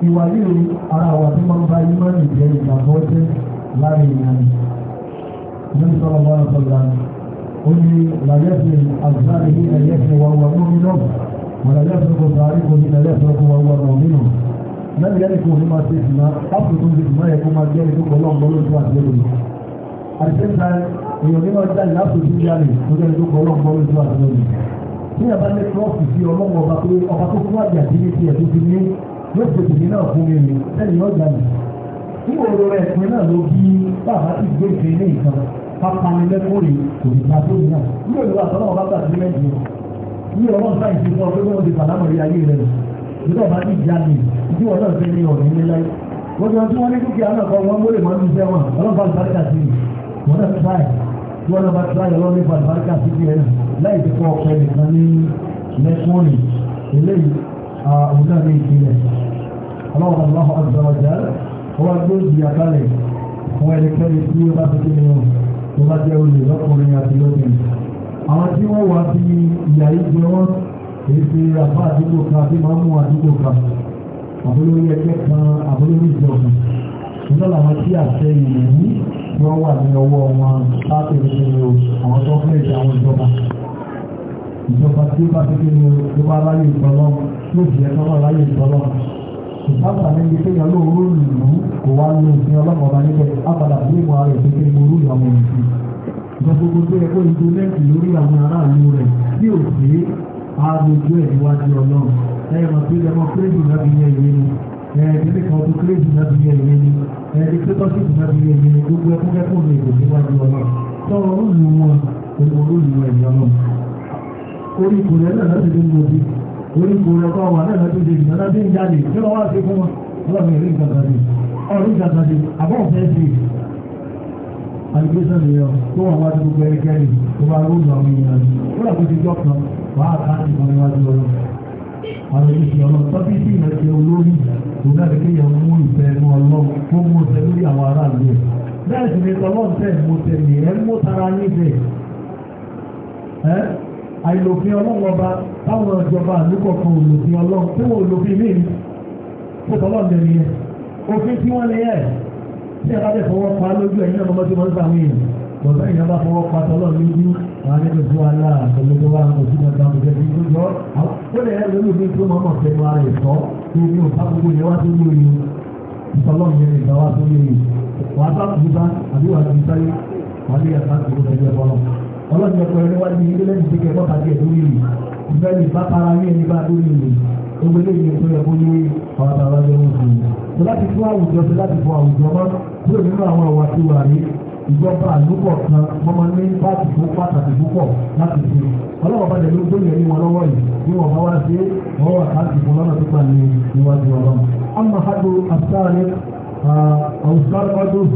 ìwà yìí ara àwọn tí wọ́n bá yí mọ́ ìjẹ́ ìgbàgbọ́ jẹ́ láàrin ìyá النبي صلى الله عليه وسلم قل لا يفرق أبصاره إلا يفرق وهو مؤمن ولا يفرق صارقه إلا يفرق وهو مؤمن لم يلك مما تسمى أفرق بما يكون ما يلك الله بلوك وأسلوبه at the same time èèyàn ní wọ́n jáde láti ojú jáde tó jẹ́ ìdókòó ọlọ́run bọ́ lójú àti lónìí tí yàrá lè trọ́ọ̀sì sí ọlọ́run ọba pé ọba tó fún àjàdí ní tiẹ̀ tó ti ní yóò ṣètìlẹ́ náà fún mi ní sẹ́yìn ọjà nìyí bí òru rẹ̀ ẹ̀sìn náà ló bí bàbá ti gbé ìfẹ́ ilé ìkan pápáni lẹ́kọ̀ọ́rì kò ní ta tóbi náà bí òru àtọ́ náà bá gbà sí lẹ́yìn ní ọlọ́run sáyẹn ti sọ pé wọ́n ti fàlámọ̀ rí ayé rẹ̀ ìjọba bá ti já mi ìdí wọn náà fẹ́ ní ọ̀rẹ́ ní láyé wọ́n ti wọ́n tí wọ́n ní dúkìá náà kọ́ wọn mólè máa ń jẹ́ wọn ọlọ́ba àlùbáríkà sí i wọ́n náà tíráì tí wọ́n náà bá tíráì ọlọ́run nípa àlùbáríkà sí i rẹ̀ láì ti kọ́ ọ̀pẹ nìkan ní lẹ́kùnrin eléyìí àwọn náà ní ìpínlẹ̀ ọlọ́run aláwọ̀ àgbà ọ̀jà rẹ̀ wọ́n wá gbé ìjìyà kalẹ̀ fún ẹnikẹ́ni tí ó bá ti kí ni ó tó bá jẹ́ olè lọ́kùnrin àti lóbìnrin àwọn tí wọ́n wá sí ìyà yìí jẹ wọ́n èyí fi àbá àdúgbò kan àti máa mú àdúgbò kan àbólórí ẹgbẹ́ kan àbólórí ìjọba nígbà làwọn tí àṣẹ ìlú yìí tí wọ́n wà ní ọwọ́ wọn káàkiri kí ni ó àwọn tó fẹ́ ìjà àwọn ìjọba ìjọba tí ó bá ti kí ni ó tó bá láyé ìtọ́lọ́ láǹfààní ibi tó yàn lóòrò lùlù kò wá lé òfin ọlọ́pàá ọba níbẹ̀ ábàdà sí ìmọ̀ ara ìpínlẹ̀ ìmọ̀rú ìyàwó ìsìn ìjọ gbogbo tó yẹ kó ìjọ lẹ́ǹtì lórí àwọn aráàlú rẹ̀ tí ò sí aago ẹ̀ níwájú ọlọ́run ẹ̀yẹ mọ̀ sí ẹmọ kírèdì náà bí yẹ ìwé ni ẹ̀ẹ́dẹ́gbẹ́ kan tó kírèdì náà bí yẹ ìwé ni ẹ̀ẹ́dẹ́gbẹ́tọ́sìtì náà bí yẹ ìwé ni gbogbo ẹkúnkẹ́kùn lè lò níwájú ọlọ́run tọrọ olùwọ̀n olùwọ̀n ẹ̀yìn ọlọ́run orí ìkòlẹ́ náà láti dé ní ojú oríkò rẹ̀ kọ́ wà náà lọ́dún dèjì náà bí ń jáde kí wọ́n wá sí fún ọlọ́run ìrí ìgbàgbàdì ọ̀rí ìgbàgbàdì àbọ̀ sí i alìgbésàn ni ọ tó wà wájú gbogbo ẹnikẹ́ni tó bá rúdù àwọn èèyàn ó rà kókè jọ kan wàá káàdì kan níwájú ọlọ́run àwọn ìṣẹ̀ ọlọ́run tọ́bí sí ìrẹsẹ̀ olórí kò náà lè kéèyàn mú ìfẹ́ mú ọlọ́run kó mú ọ̀sẹ̀ lórí àwọn ni ọlọ́run tẹ̀ mú àìlòfin ọlọ́run ọba táwọn ìjọba àlúkọ̀ kan òlòfin ọlọ́run tí wọ́n òlòfin mí tó tọ́lọ́ ń dẹni yẹn òfin tí wọ́n lè yẹ tí ẹ bá dẹ̀ fọwọ́ pa lójú ẹ̀yìn náà mọ́tò mọ́tò àwọn èèyàn bọ̀dọ̀ èèyàn bá fọwọ́ pa tọ́lọ́ lójú àwọn ẹgbẹ́ fún wa láà tọ́lọ́dọ́ wa kò sí ọjà òjẹ́ bí ó jọ ó lè yẹ lórí mi tó mọ́ mọ̀ fẹ́ wa rẹ̀ sọ pé mi ò bá ọlọ́dún ẹ̀kọ́ ẹni wá ní ilé lẹ́yìn tí kẹ́kọ́ tàbí ẹ̀dùn yìí ìfẹ́ lè bá para ní ẹni bá lórí ìlú gbogbo ilé ìlú tó yẹ kó ní ọ̀rọ̀ àwọn ọmọ ìlú tó láti fún àwùjọ tó láti fún àwùjọ mọ́ kúrò nínú àwọn ọ̀wà tí wà rí ìjọba àlùkọ̀ kan mọ́mọ́ ní báàkì tó pàtàkì púpọ̀ láti fi ọlọ́wọ́ bá dẹ̀lú tó yẹ ní wọn lọ́wọ́ yìí bí wọ́n bá wá sí wọ́n wà fún lọ́nà tó pà ní ọlọ́run. amma hadu asáré ọ̀sán ọdún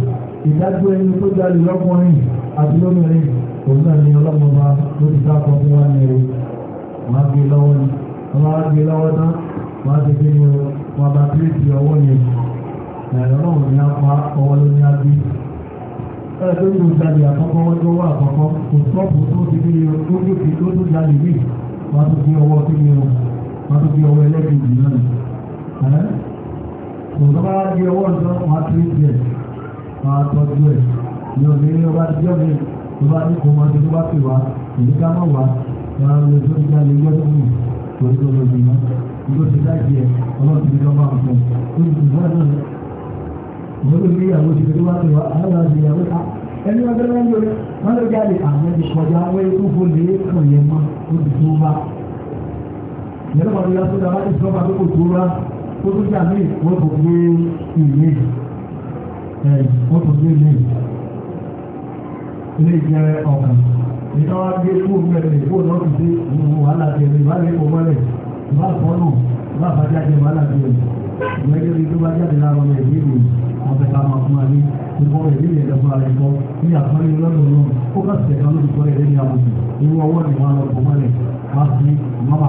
ìdájọ́ ẹni tó jáde lọ́kùnrin àti lómìnrin òun náà ni ọlọ́mọba ló ti dákọ̀ fún wa ní ẹ̀rọ máa gbé lọ́wọ́ ni wọ́n máa gbé lọ́wọ́ tán wọ́n á ti gbé ní wọn bá kírísì ọwọ́ ni ẹ̀rọ náà ní apá ọwọ́ ló ní agbé ẹ̀rọ tó ń jáde àkọ́kọ́ wọ́n tó wà àkọ́kọ́ kò sọ́ọ̀bù tó ti gbé ní ojú ti tó tó jáde rí wọ́n á tó gbé ọwọ́ kí ni wọ́n á tó gbé ọwọ́ ẹlẹ́gbẹ̀ẹ́ náà kò máa tọ́jú ẹ̀ ní obìnrin ọba tí ọ̀gbìn tó bá ní kò máa tó bá pè wá èyí ká mọ̀ wá máa ń lo tó ń jáde yọ́ tó mù torí tó lọ jùlọ ìgbó ti dájú ẹ̀ ọlọ́run ti lọ́ máa fún un ó ti bá náà ìgbóni ní ìyàwó ti tó bá pè wá àwọn àti ìyàwó ta ẹni ọjọ́ náà ń lò wọ́n ló jáde àwọn ti kọjá wọ́n ikú fún lè kàn yẹn mọ́ ó ti tó bá ìyàwó pàtó yàtọ̀ dáwà ti sọ́ pàtó kò tó bá ó tó jà mí wọ́n kò gbé ìyẹn wọ́n tó gbé lè ilé jẹ́ ọkàn ìta wá gbé fóònù mẹ́rin fóònù náà ti dé ìwò wàhálà tẹ̀lé ìbálẹ̀ ìkó mọ́lẹ̀ ìbá fọ́nù ìbá àbájáde wàhálà tẹ̀lé ìgbẹ́jọ́ ní tó bá jáde lára ọmọ ìwé ìlú ọbẹ̀ ká máa fún wa ní ìbọn ìwé ìlú ẹ̀dọ̀ fún ààrẹ kọ́ ní àpọ́nlé lọ́dọ̀ náà ó bá tẹ̀lé ọlọ́dún tó rẹ̀ ní àwọn ìwọ ọwọ́ ni wọ́n lọ fọ́ wá sí mọ́mà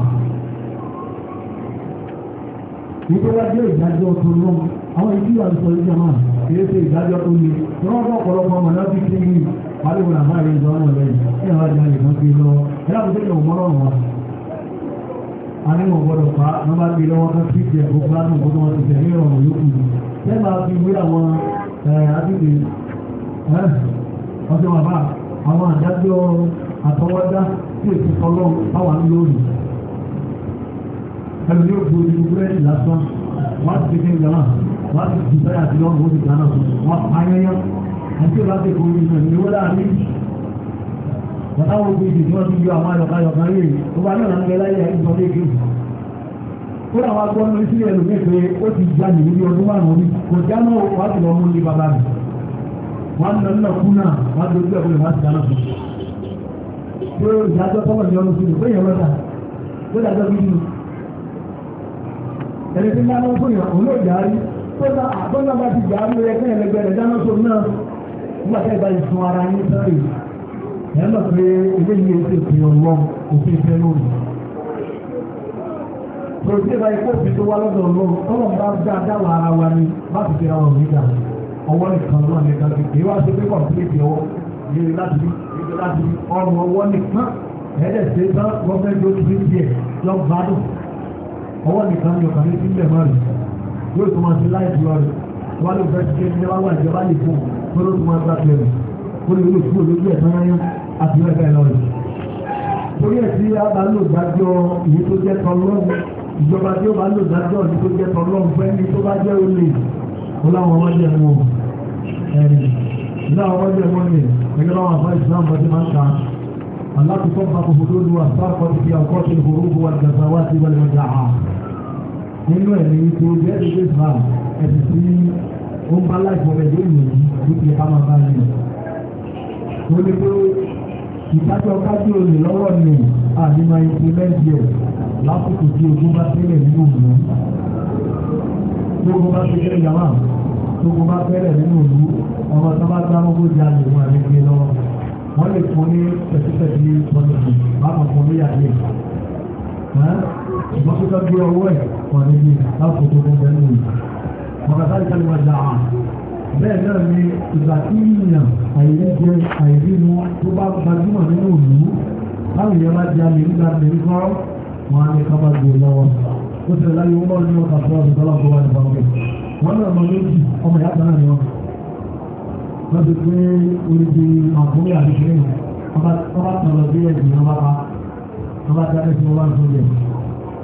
nígbà wá jẹ́ ìdájọ́ tó lọ́n àwọn ìdí wà sọ ìjọ náà kìí ṣe ìdájọ́ tó lé wọn bọ́ ọ̀pọ̀lọpọ̀ ọmọ náà fi ké ní pariwo làbá rẹ̀ ìjọ náà rẹ̀ ní àwọn ìjọ rẹ̀ kan gbé lọ ẹ láti tẹ́lẹ̀ ọmọ náà wà. a ní wọn gbọdọ̀ pa wọn bá gbé lọ́wọ́ kan sí ìjẹ òkú láti òkú wọn ti tẹ̀lé ìrọ̀rùn yókù ni ṣé máa fi wé àwọn àdìgbè ọjọ́ bàbá àwọn àdájọ́ àtọwọ́dá tí ẹni yóò bu ojú búrẹ́dì lásán wọ́n ti fi ìjọba wọ́n ti fi boleh àti lọ́wọ́ ojú kan náà wọ́n ayẹyẹ àti ìwà ti kò ní ìrìn ìwé láàrin bàtà wọn gbé ìdí tí wọ́n ti yọ àwọn àyọ̀ká àyọ̀ká yìí ó bá náà ń gbẹ láyé ẹ̀ ń sọ ní èké ó làwọn agbọ́n ní sílẹ̀ lómi pé ó ti já nìyí bí ọdún márùn-ún ní kò já náà wọ́n ti lọ́ọ́ mú ní bàbá mi wọ́n lọ nínú ọkùn jalan. wọ́n ti ojú ẹ̀kọ́ lè wọ́n ti dáná fún un. pé ìdájọ́ tọ́lọ̀ ní ọdún sílẹ̀ pé ìyẹn lọ́dà lọ́dà jọ́ bí ẹni tí dáná fún yàn òun ló jàárí tó ná àtọ́nà bá ti jàárí rẹ kí ẹlẹgbẹ́ rẹ dáná fún náà nígbà tẹ́ ìbá yìí sun ara yín sáré ẹ̀ lọ pé ilé yìí èsì ìpè ọlọ́ òfin ìfẹ́ lónìí. Tòlùsí ìbá ikú òfin tó wá lọ́dọ̀ ọlọ́run tọ́lọ̀ bá dá dáwọ̀ ara wa ni bá ti fi ra ọ̀rọ̀ nígbà ọwọ́ nìkan lọ́wọ́ nìkan ti pè é wá sí pé kọ̀ọ̀tì yìí láti láti ọrùn ọwọ́ nìkan ẹ̀ẹ́dẹ̀ ṣe tán gọ́ọ̀mẹ́ntì ó ti fi lọ́gbàdùn ọwọ́ nìkan ní ọkàn ní sílẹ̀ máa rẹ̀ yóò tó máa ti láìpẹ́ lọ rẹ̀ wọ́n ló fẹ́ ṣe ní wáwà ìjọba lè fún tó ló tó máa gbà pẹ̀lú ó lè lóòtú olójú ẹ̀ tán yẹn àti bẹ́ẹ̀ lọ rẹ̀. torí ẹ̀ tí a bá lò dájọ́ ìyí tó jẹ́ tọ́lọ́run ìjọba tí ó bá lò dájọ́ ìyí tó jẹ́ tọ́lọ́run fẹ́ni tó bá jẹ́ olè ó láwọn ọmọdé wọn ẹ̀rìn láwọn ọmọdé wọn ni ẹ̀rìn láwọn àbá ìsìlámù ọdún máa ń ta ألا تصدق حدود وأسرق في أوقات الهروب والغزوات والمجاعات nínú ẹ̀ ní wípé bẹ́ẹ̀ ṣe fà ẹ̀sìn tí ó ń bá láìpọ̀ rẹ̀ lónìí wípé ká máa bá yẹn. ó ní pé ìdájọ́ kájú olè lọ́wọ́ ni àdìmọ̀ ìpínlẹ̀ǹdì ẹ̀ lásìkò tí ogun bá sílẹ̀ nínú ìlú. gbogbo bá ti kéré yàrá gbogbo bá fẹ́rẹ̀ nínú ìlú ọmọ tó bá gbá mọ́gbó di àlè wọn àdéhùn lọ́wọ́ wọ́n lè fún ní pẹ̀sípẹ̀sí pọ̀tẹ̀sì báwọn fún ní yàgbé ṣùgbọ́n tó tọ́jú ọwọ́ ẹ̀ wọ́n ní bí láàpọ̀ tó fún bẹ́ẹ̀ nìyí mọ̀kàtà ìkàlẹ̀ wọn dà á bẹ́ẹ̀ náà ni ìgbà tí ìyàn àìríjẹ àìrímu tó bá gbajúmọ̀ nínú òlú báwọn èèyàn bá di àmì nígbà mẹ́rin kọ́ wọn á ní ká bá gbé e lọ́wọ́ ó ti rẹ̀ láyé wọn bá wọn ní ọkà fún ọ̀sẹ̀ tọ́lá lọ́dún pé orí di ọ̀pọ̀lẹ́ àdìsẹ́ rẹ̀ ọba tọ̀lọ̀ bí ẹ̀jẹ̀ ọba pa ọba dáná sí ọba tó yẹ.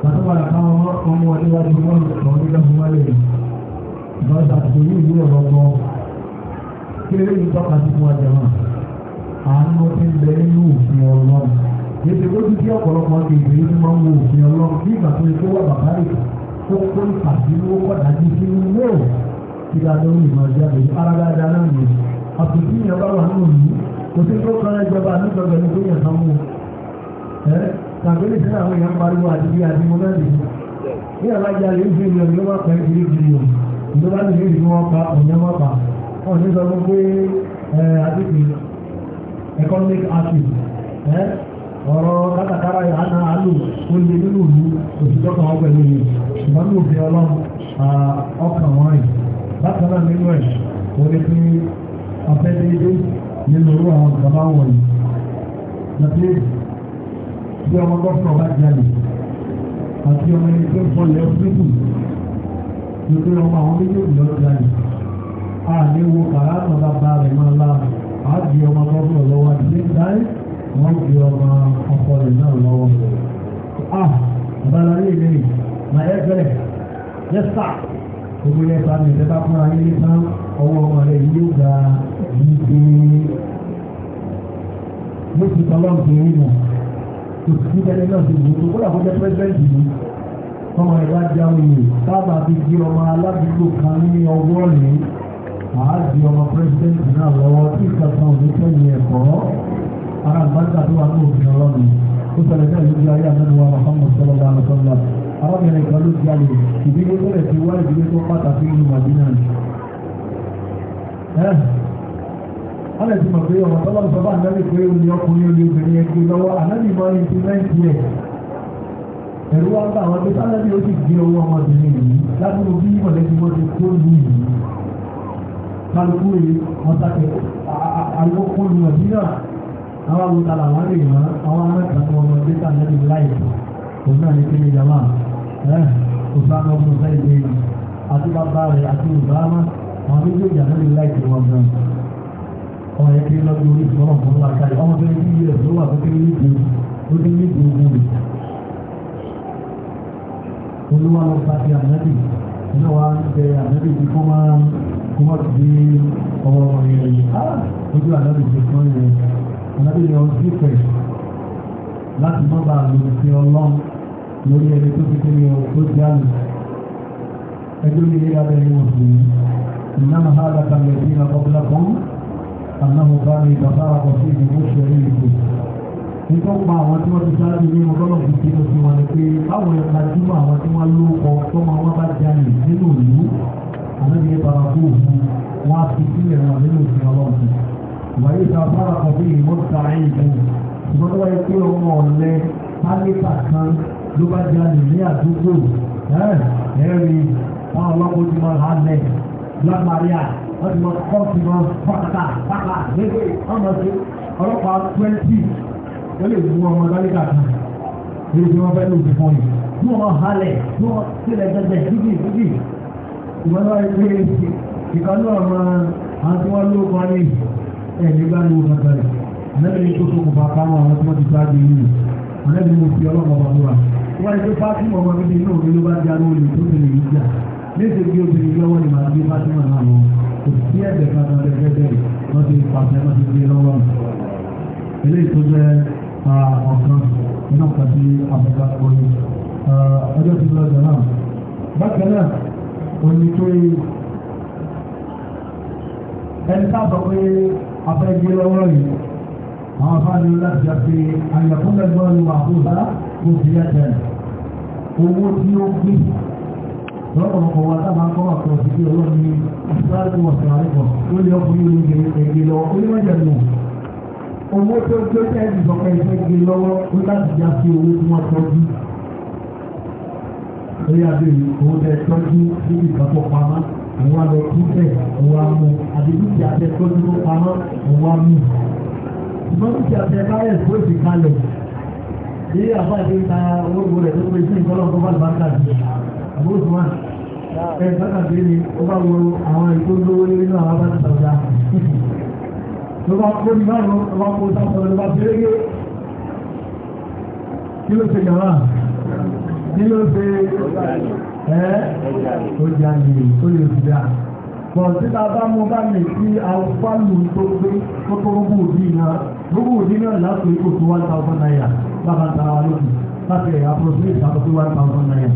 Bàtọ́ padà káwọn ọmọ ọdún wájú wọn lọ ní lọ́dún wálé rẹ̀. Ìbọn ṣàtúntò yìí ní ọ̀rọ̀ gan. Kéré ní tọ́ka sí fún ọjà náà. Àánú ti ń bẹ nínú òfin ọlọ́run. Ètò ìwé tí ọ̀pọ̀lọpọ̀ gbègbè yìí máa ń wo òfin ọlọ́run bí ìgbà tó yẹ kó wà bàbá rẹ̀ kó kó ìpàdé lówó kọ̀dájú sínú náà kí dáadáa ó lè máa jáde ara dáadáa náà nìyẹn àpòtí yẹn bá wà nínú yìí kò sí tó kan ìjọba nítorí ẹni tó yẹn sanwó ẹ tàbí lè sẹ́ni àwọn èèyàn pariwo àdìgbé àdìgbò náà lè ní ní àlájá lè ń fi ìlú ọ̀yọ́ máa pẹ́ ìdílé gidi o ìjọba lè rí ìlú wọn pa ọ̀yọ́ máa pa wọn ní sọ fún pé ẹ àdìgbé economic action ẹ ọ̀rọ̀ kátàkárà yà á lò ó lé nínú ìlú òṣìṣọ́ kan ọgbẹ̀lú yìí ṣùgbọ́n ní òfin ọlọ́run ọkàn wọn rìn bákan náà nínú ẹ̀ wọ́n ní pé ọ̀fẹ́ déédé nínú orú àwọn bàbá wọ̀nyí lọ́pẹ́ bí ọmọ gọ́fúnà bá jalè àti ọmọ ẹni tó fọlẹ̀ ọ́fíìsì lórí ọmọ àwọn méjèèjì lọ́ọ́ jalè a ní wo kàrá náà bàbá rẹ̀ máa la a di ọmọ gọ́fúnà lọ́wọ́ àti ní ìdáyé wọ́n di ọmọ ọkọ rẹ̀ náà lọ́wọ́. a ah, bàbá rẹ̀ lè ní màá yẹ owó lẹ́fà mi ìfẹ́ bá fún ayé nípa ọwọ́ ọmọ rẹ̀ yóò gba ìgbé yóò fi tọ́lọ́mù tó rí nù kò sí tẹ́lẹ̀ náà ti wù tó kódà kó jẹ́ pẹ́sidẹ́ntì mi ọmọ rẹ̀ bá já oyè sábà fi gbé ọmọ aládùúgbò kan ní ọwọ́ rẹ̀ àádìí ọmọ pẹ́sidẹ́ntì náà lọ́wọ́ tí ìkàtàn òní tẹ̀yìn ẹ̀kọ́ ara àgbàgbà tó wà arábìnrin kan ló ti alè ìdílé tẹ́lẹ̀ ti wá ìdílé tó pàtàkì nínú màdínà ni. wọ́n lè ti mọ̀ pé ọmọ tọ́lá ń sọ bá ànábì pé ó ní ọkùnrin olè obìnrin ẹgbẹ́ lọ́wọ́ ànábì máa ń ti náìtì ẹ̀. ẹ̀rú wa ń bá àwọn akẹ́kọ̀ọ́ ànábì ó sì gbé owó ọmọbìnrin yìí lábúrò bí mọ̀lẹ́bí wọn ti tó lù yìí. kálukú rè ọ̀tàkẹ́ àlọ́kùnrin màdínà àwọn àwòtálà wọn lè rán àwọn arákàtà ọmọdé tà lẹ́nu láì òun náà ní kí ni jama. Usama ọdún sẹ́yìn lẹ́yìn àti bàbá rẹ̀ àti Usama àwọn méjèèjì àná lè láì tiwọn gan. ọmọ yẹn kiri lọ́dún orí ìfọwọ́ fún wa káyọ ọmọ bẹ́ẹ̀ bí us ló wà tó kiri níbi ló kiri níbi ogun rẹ̀. olúwa ló bá ti ànábì iná wa ń bẹ ànábì bí kó máa kó máa ti di ọmọ rẹ̀ ojú ànábì ti fún rẹ̀ ànábì ni ọdún lórí ẹni tó ti kéré ọ̀rọ̀ tó ti àlù ẹjọ́ mi ní abẹ́ ní oṣù yìí iná máa hàlà kalẹ̀ sí iná kọ́kọ́lá kan àmọ́ bá mi bàbá àwọn sí ìdí mú ṣe rí ìbò nítorí pa àwọn tí wọ́n ti sáájú nínú ọlọ́run ti kéré sí wọn ni pé báwo ẹ̀ ká dúró àwọn tí wọ́n lórúkọ tó máa wọ́n bá jalè nínú ìlú àlejò ìbára fún òfin wọn á fi sílẹ̀ wọn nínú ìsìn ọlọ́run wàyí ìta fárakọ̀ bí ìmọ̀ta ẹ̀yìn fún ṣùgbọ́n tó wáyé pé ọmọ ọ̀lẹ́ pálíkà kan ló bá jáde ní àdúgbò ẹ̀rí wọn ọlọ́pọ̀ ti mọ hànẹ́ blood maria wọ́n ti mọ kọ́ọ̀tì mọ pàkàtà pàkà lébè ọmọ sí ọlọ́pàá twenty wọ́n lè mú ọmọ lálẹ́kà kan èyí tí wọ́n fẹ́ lòdì fún yìí tí wọ́n halẹ̀ tí wọ́n sílẹ̀ gẹ́gẹ́ dídì dídì ìwọ́n náà ń gbé ìkànnì ọ̀rọ̀ àti wọn ló kọ́ ní ẹ̀mí bá ní wọn bẹ̀rẹ̀ àlẹ́ mi ní kókó kó bá káwọn àwọn tí wọ́n ti gbá wọ́n ti fátímọ̀ ọmọ bíbí inú òbí ló bá di arúgbó ní tóbìnrin yìí jà léṣe bí obìnrin lọ́wọ́ ni màá gbé fátímọ̀ náà lọ kò sí ẹ̀jẹ̀ kan náà lẹ́gbẹ́ bẹ́ẹ̀ wọ́n ti pàṣẹ wọ́n ti gbé lọ́wọ́ eléyìí tó jẹ́ ọ̀kan nínú kan àbúkà orí ọjọ́ ti lọ jọ náà bákan náà òní pé ẹni táàbọ̀ pé afẹ́ gbé lọ́wọ́ yìí àwọn afáàní láti jẹ́ pé àyàkúnlẹ̀ gbọ́n ni wà fún sáà jumlatan owó tí ó gbé lọ́pọ̀lọpọ̀ wa tá máa ń kọ́wà kan sí pé ọlọ́run ní ìsáàkù ọ̀sán àríkọ̀ tó lé ọkùnrin olóògbé ẹgbẹ́ lọ onímọ̀jẹ̀ lò owó tó gbé tẹ́ẹ̀dì sọ̀kẹ́ ìfẹ́ gbé lọ́wọ́ ó láti já sí owó tí wọ́n tọ́jú lórí abẹ́rẹ́ owó tẹ́ tọ́jú níbi ìkàpọ̀ pamọ́ òun á lọ kú tẹ̀ òun á mú àdébùtì àtẹ tọ́jú tó pamọ́ òun á mú ìmọ̀ bí àbáyé ta olóògbé rẹ̀ tó gbé sí ìkọ́lọ̀ tó bá lùbáńkà sí àbúrò tó wà ẹ̀ bákà ni ó bá wo àwọn ètò olówó nínú àwọn bá ti sàwùjá bá kó ní márùn ló bá kó sáfọ ló bá fẹ́rẹ́gẹ́ kí ló ṣe yàrá kí ló ṣe ẹ́ ó jà ní ó lè fi dá bá mú bá lè fi àwọ̀fálù tó gbé tó tó rúgbò náà rúgbò dì náà bákan tara wa lónìí láti ẹ̀yà àpòsí ìṣàkóso one thousand naira.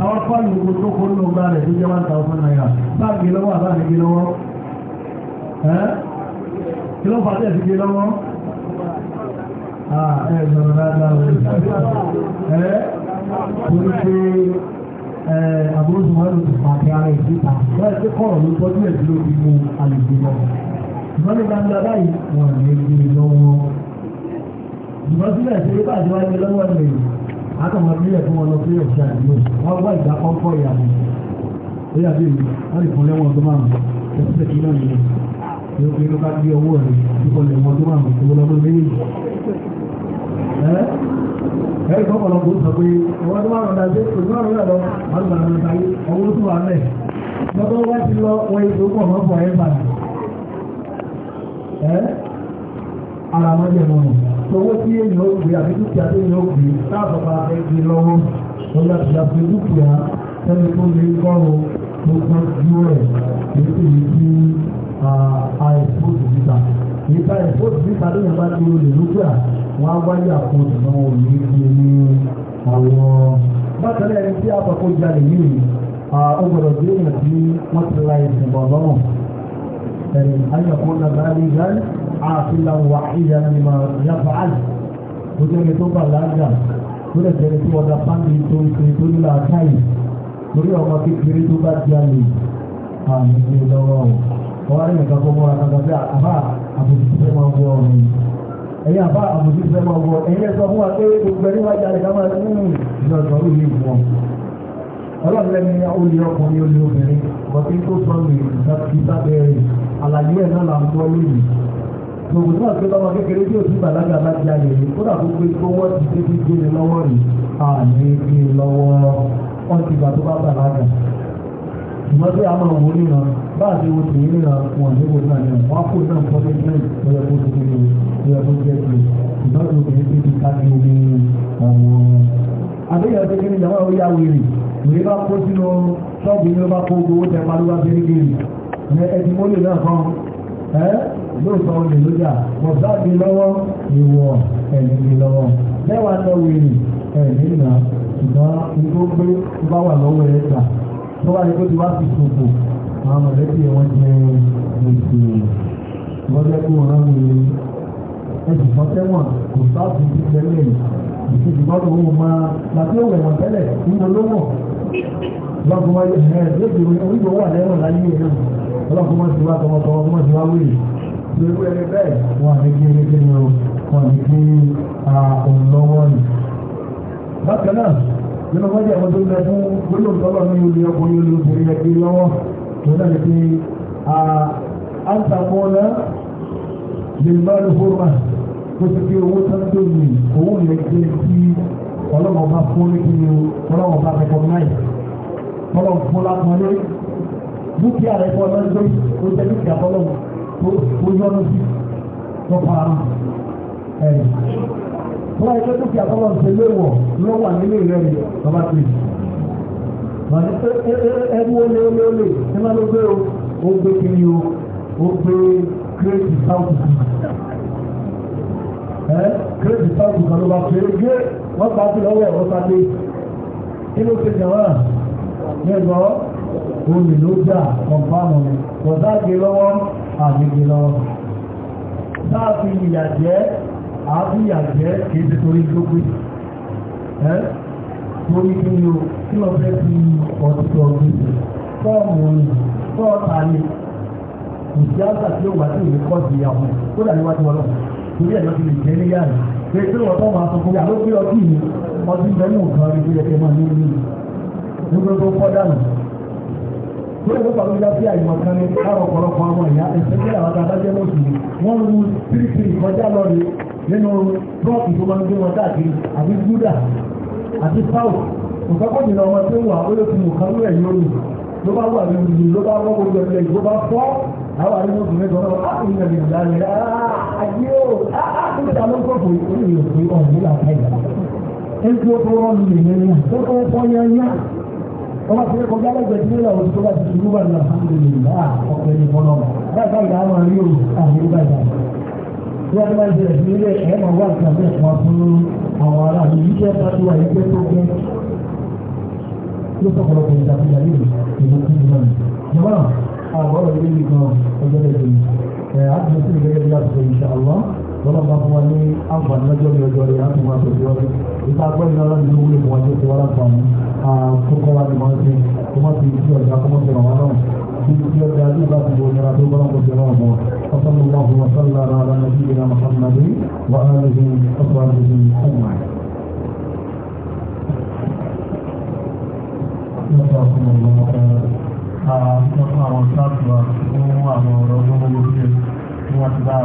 àwọn fáàlì gbogbo tó kó nínú ọgbà rẹ̀ tó jẹ́ one thousand naira báàgì lọ́wọ́ àbáàgì lọ́wọ́ ẹ́ kí ló fàtẹ́ sí gbé lọ́wọ́ ẹ̀ lọ́rọ̀ dáadáa rẹ̀ ẹ́ torí pé àbúrò tí wọ́n lò ti pàtẹ́ ara ẹ̀ síta lọ́yẹ̀ pé kọ́rọ̀ ló tọ́jú ẹ̀ dúró bí mo àlejò lọ. ìmọ̀lẹ́gbàgbà báyìí wọ́n lè gbé lọ́wọ́ ṣùgbọ́n sílẹ̀ sí àti wáyé lọ́wọ́ ẹ̀mí àtọ̀mọ̀ nílẹ̀ fún wọn lọ sí ọ̀ṣà ìlú wọn wá ìgbà kọ́kọ́ ìyàwó ó yà bí wọn lè fún lẹ́wọ̀n tó máa mú ẹ̀sẹ̀ kí náà nìyẹn yóò fi ló bá owó rẹ̀ kíkọ́ lè wọn tó máa mú tó lọ́gbọ́n wá ti owó tí èyàn ó gbé àbí dúkìá tí èyàn ó gbé láàbọ̀bà ẹgbẹ́ lọ́wọ́ wọ́n yàtọ̀ yàtọ̀ dúkìá tẹ́lẹ̀ tó lè kọ́rọ̀ gbogbo ju rẹ̀ èyí tí àìsóòtù níta èyí tí àìsóòtù níta ló yẹn bá ti olè dúkìá wọ́n á wáyé àkóso náà ò ní fi ní àwọn bákan náà ẹni tí àpapọ̀ jalè yìí ó gbọ́dọ̀ bí èèyàn tí wọ́n ti la ìsìnbọn lọ́rùn ẹ̀yìn ayọ̀kọ́ nàgbà عاقلا وعيا لما يفعل nítorí tó bá láàjà tó lè jẹ́ni tí wọ́n da fáńdì tó ń ṣe tó nílò àkáyì torí ọmọ kékeré tó bá di àlè àmì ní lọ́wọ́ o wọ́n á rí nǹkan kó mọ́ra kankan bí àbá àbòsí fẹ́ máa wọ ọ̀run ẹ̀yin àbá àbòsí fẹ́ máa wọ ẹ̀yin ẹ̀sọ́ fún wa pé gbogbo ẹni wájà lè ká máa ń mú ìlọ ìsọ̀rọ̀ yìí fún ọ. ọlọ́run lẹ́nu ní olè ọkùnrin olè obìnrin bọ̀tí tó sọ mi ìsàbẹ̀rẹ̀ àlàyé ẹ̀ náà là ń gbọ́ lónìí tòun náà tó lọ́wọ́ kékeré tí òsì bàlágà bá di ayè yìí kódà gbogbo ikú wọ́n ti dé bí gbé lọ́wọ́ rí àní gbé lọ́wọ́ wọ́n ti gbà tó bá bàlágà ṣùgbọ́n tí a máa wò níran bá a ti wo tèmi níran wọn ní wo náà níran wọn á kó náà fọ́ bẹ́ẹ̀ náà ló yẹ kó tuntun ní ló yẹ kó jẹ́ pé ṣùgbọ́n tó kéré tí ti ká ní omi ọ̀wọ́. àbíyàn tó kéré ìyàwó àwọn yàwó rè rè bá kó sínú ṣọ́ọ̀bù ní ó bá kó owó tẹ ẹ́ lóòótọ́ olè lójà bọ̀dá mi lọ́wọ́ ìwọ̀ ẹ̀yìn mi lọ́wọ́ mẹ́wàá lọ wèrè ẹ̀yìn nà ṣùgbọ́n igbó gbé tó bá wà lọ́wọ́ ẹ̀ gbà tó wà ní kó ti wá fi ṣòfò àwọn mọ̀lẹ́bí wọn jẹ́ gbèsè lọ́jọ́ kó wọn rán mi ẹ̀sùn kan tẹ́wọ̀n kò sáàbù ti tẹ́lẹ̀ ìṣèjì bọ́ọ̀lù òun máa làbí òwẹ̀wọ̀n tẹ́lẹ̀ nínú olówó ọlọ́kùnmọ́ ẹ̀ lóṣù onígbò wà lẹ́rùn láyé náà ọlọ́kùnmọ́ ti wá tọmọtọmọ tó wọ́n ti wá wíyì lórí ẹni bẹ́ẹ̀ wọ́n ní kí ẹgbẹ́ ni o wọ́n ní kí ọ̀nlọ́wọ́ ni. bákan náà nínú wọ́n jẹ́ àwọn tó ń bẹ fún gbólóńtọ́lọ́ ní olè ọkùnrin olè obìnrin ẹgbẹ́ lọ́wọ́ tó náà ní pé àǹtàmọ́lá lè má tó ti fi owó tán tó yìí owó yẹn tí ọlọ́mọba fún ní kí ni ọlọ́mọba rẹ̀kọ̀ náà bọ́lọ̀ fún lápọ̀lé dúkìá rẹ̀ bọ́lọ̀ ń gbé jẹ́ dúkìá bọ́lọ̀ tó yọ́nú sí tó parun ẹ̀ fún ẹgbẹ́ dúkìá bọ́lọ̀ ń ṣe léwọ̀ ló wà nílé rẹ̀ ni bàbá pè é ẹ̀rú olè olè olè ní máa ló gbé o ó gbé kiri o ó gbé kírètì sáwùtì ẹ̀ kírètì sáwùtì kan ló bá pè é gbé wọ́n bá ti lọ́wọ́ ẹ̀ wọ́n kí ló ṣe jàmọ́ mẹ́lọ omi ló gbà kọ̀m̀pánù ni kọ̀dá gé lọ́wọ́ àgbègbè lọ́wọ́ sáàfi ìyà jẹ́ àbí ìyà jẹ́ kìí ti torí gbogbo ẹ́ torí kí ni o kí lọ fẹ́ fi ọ̀tún ọ̀gbìn fọ́ọ̀mù ni fọ́ọ̀tà ni ìjáàsà tí ó wà sí ìwé kọ́ di àwọn tó dà níwájú ọlọ́run torí ẹ̀yọ́ ti lè jẹ́ níyà rẹ̀ pé tí wọ́n tọ́ máa sọ fún mi àlọ́ pé ọtí mi ọtí bẹ́ẹ̀ mú dúró tó kọ́ dànù. Lórí ìwé pàtó ìjà sí àyùmọ̀ kan ní káàrọ̀ ọ̀pọ̀lọpọ̀ àwọn ìyá ẹ̀sẹ̀ kí àwọn adájọ́ ló sì wọ́n lu pírípìrì kọjá lọ rí nínú búrọ́ọ̀kì tó máa ń gbé wọn káàkiri àbí gúdà àti fáwọ̀. Nǹkan kọ́ jìnnà ọmọ tó wà ó lè fi nǹkan lú ẹ̀yìn olù ló bá wà ní olù ló bá wọ́ gbogbo ẹ̀lẹ́ ìgbó bá fọ́ àwọn àdúgbò obìnrin kan náà ah, á ah, ah, kò ní ẹ̀mí ìgbà rẹ̀ ayé ń wọ́n bá ti lé kọjá lẹ́gbẹ̀ẹ́ tí nílẹ̀ òṣìṣẹ́ bá ti dúró wà ní alhamdulillah ah, ọ̀pẹ̀ ní fọlọ́ báyìí báyìí àwọn àrí òru àbúrú báyìí bí wọ́n bá ti rẹ̀ sí ilé ẹ̀ máa wá ìgbà bẹ́ẹ̀ kan fún àwọn ará mi yìí jẹ́ pàtó àyè pé tó gẹ́ ló sọ̀kọ̀lọ̀kọ̀ ìdàkúdà yìí ìlú kí ni lọ́nà jọba àgọ́rọ̀ ilé mi gan ọjọ́ lẹ́gbẹ̀ẹ́ ẹ̀ á ti lọ sí ìgbẹ́gẹ́ bí wọ́n sọ ìṣàlọ́ lọ́nà bá fún wa ní àǹfààní lọ́jọ́ ní ọjọ́ rẹ̀ láti máa tẹ̀sí ọdún ìta gbọ́ ìlú ọlọ́run ló wúlò fún wa tó ti wá láǹfààní àkókò wa ni wọ́n ti kó má ti fi ọjà kó má ti ràn wá náà bí ti ọjà àti ìgbà tó bọ̀ nira tó bọ́lá kó ti ràn wọ́n ọ̀sán ló wọ́n fún wa sálà ara nàbí ìlà mọ̀sánàbí wà á lè fi ọ̀sán àti ìgbà Àwọn ọ̀sán àti àwọn ọ̀rọ̀ ọlọ́wọ́ ló fi wọ́n ti dáa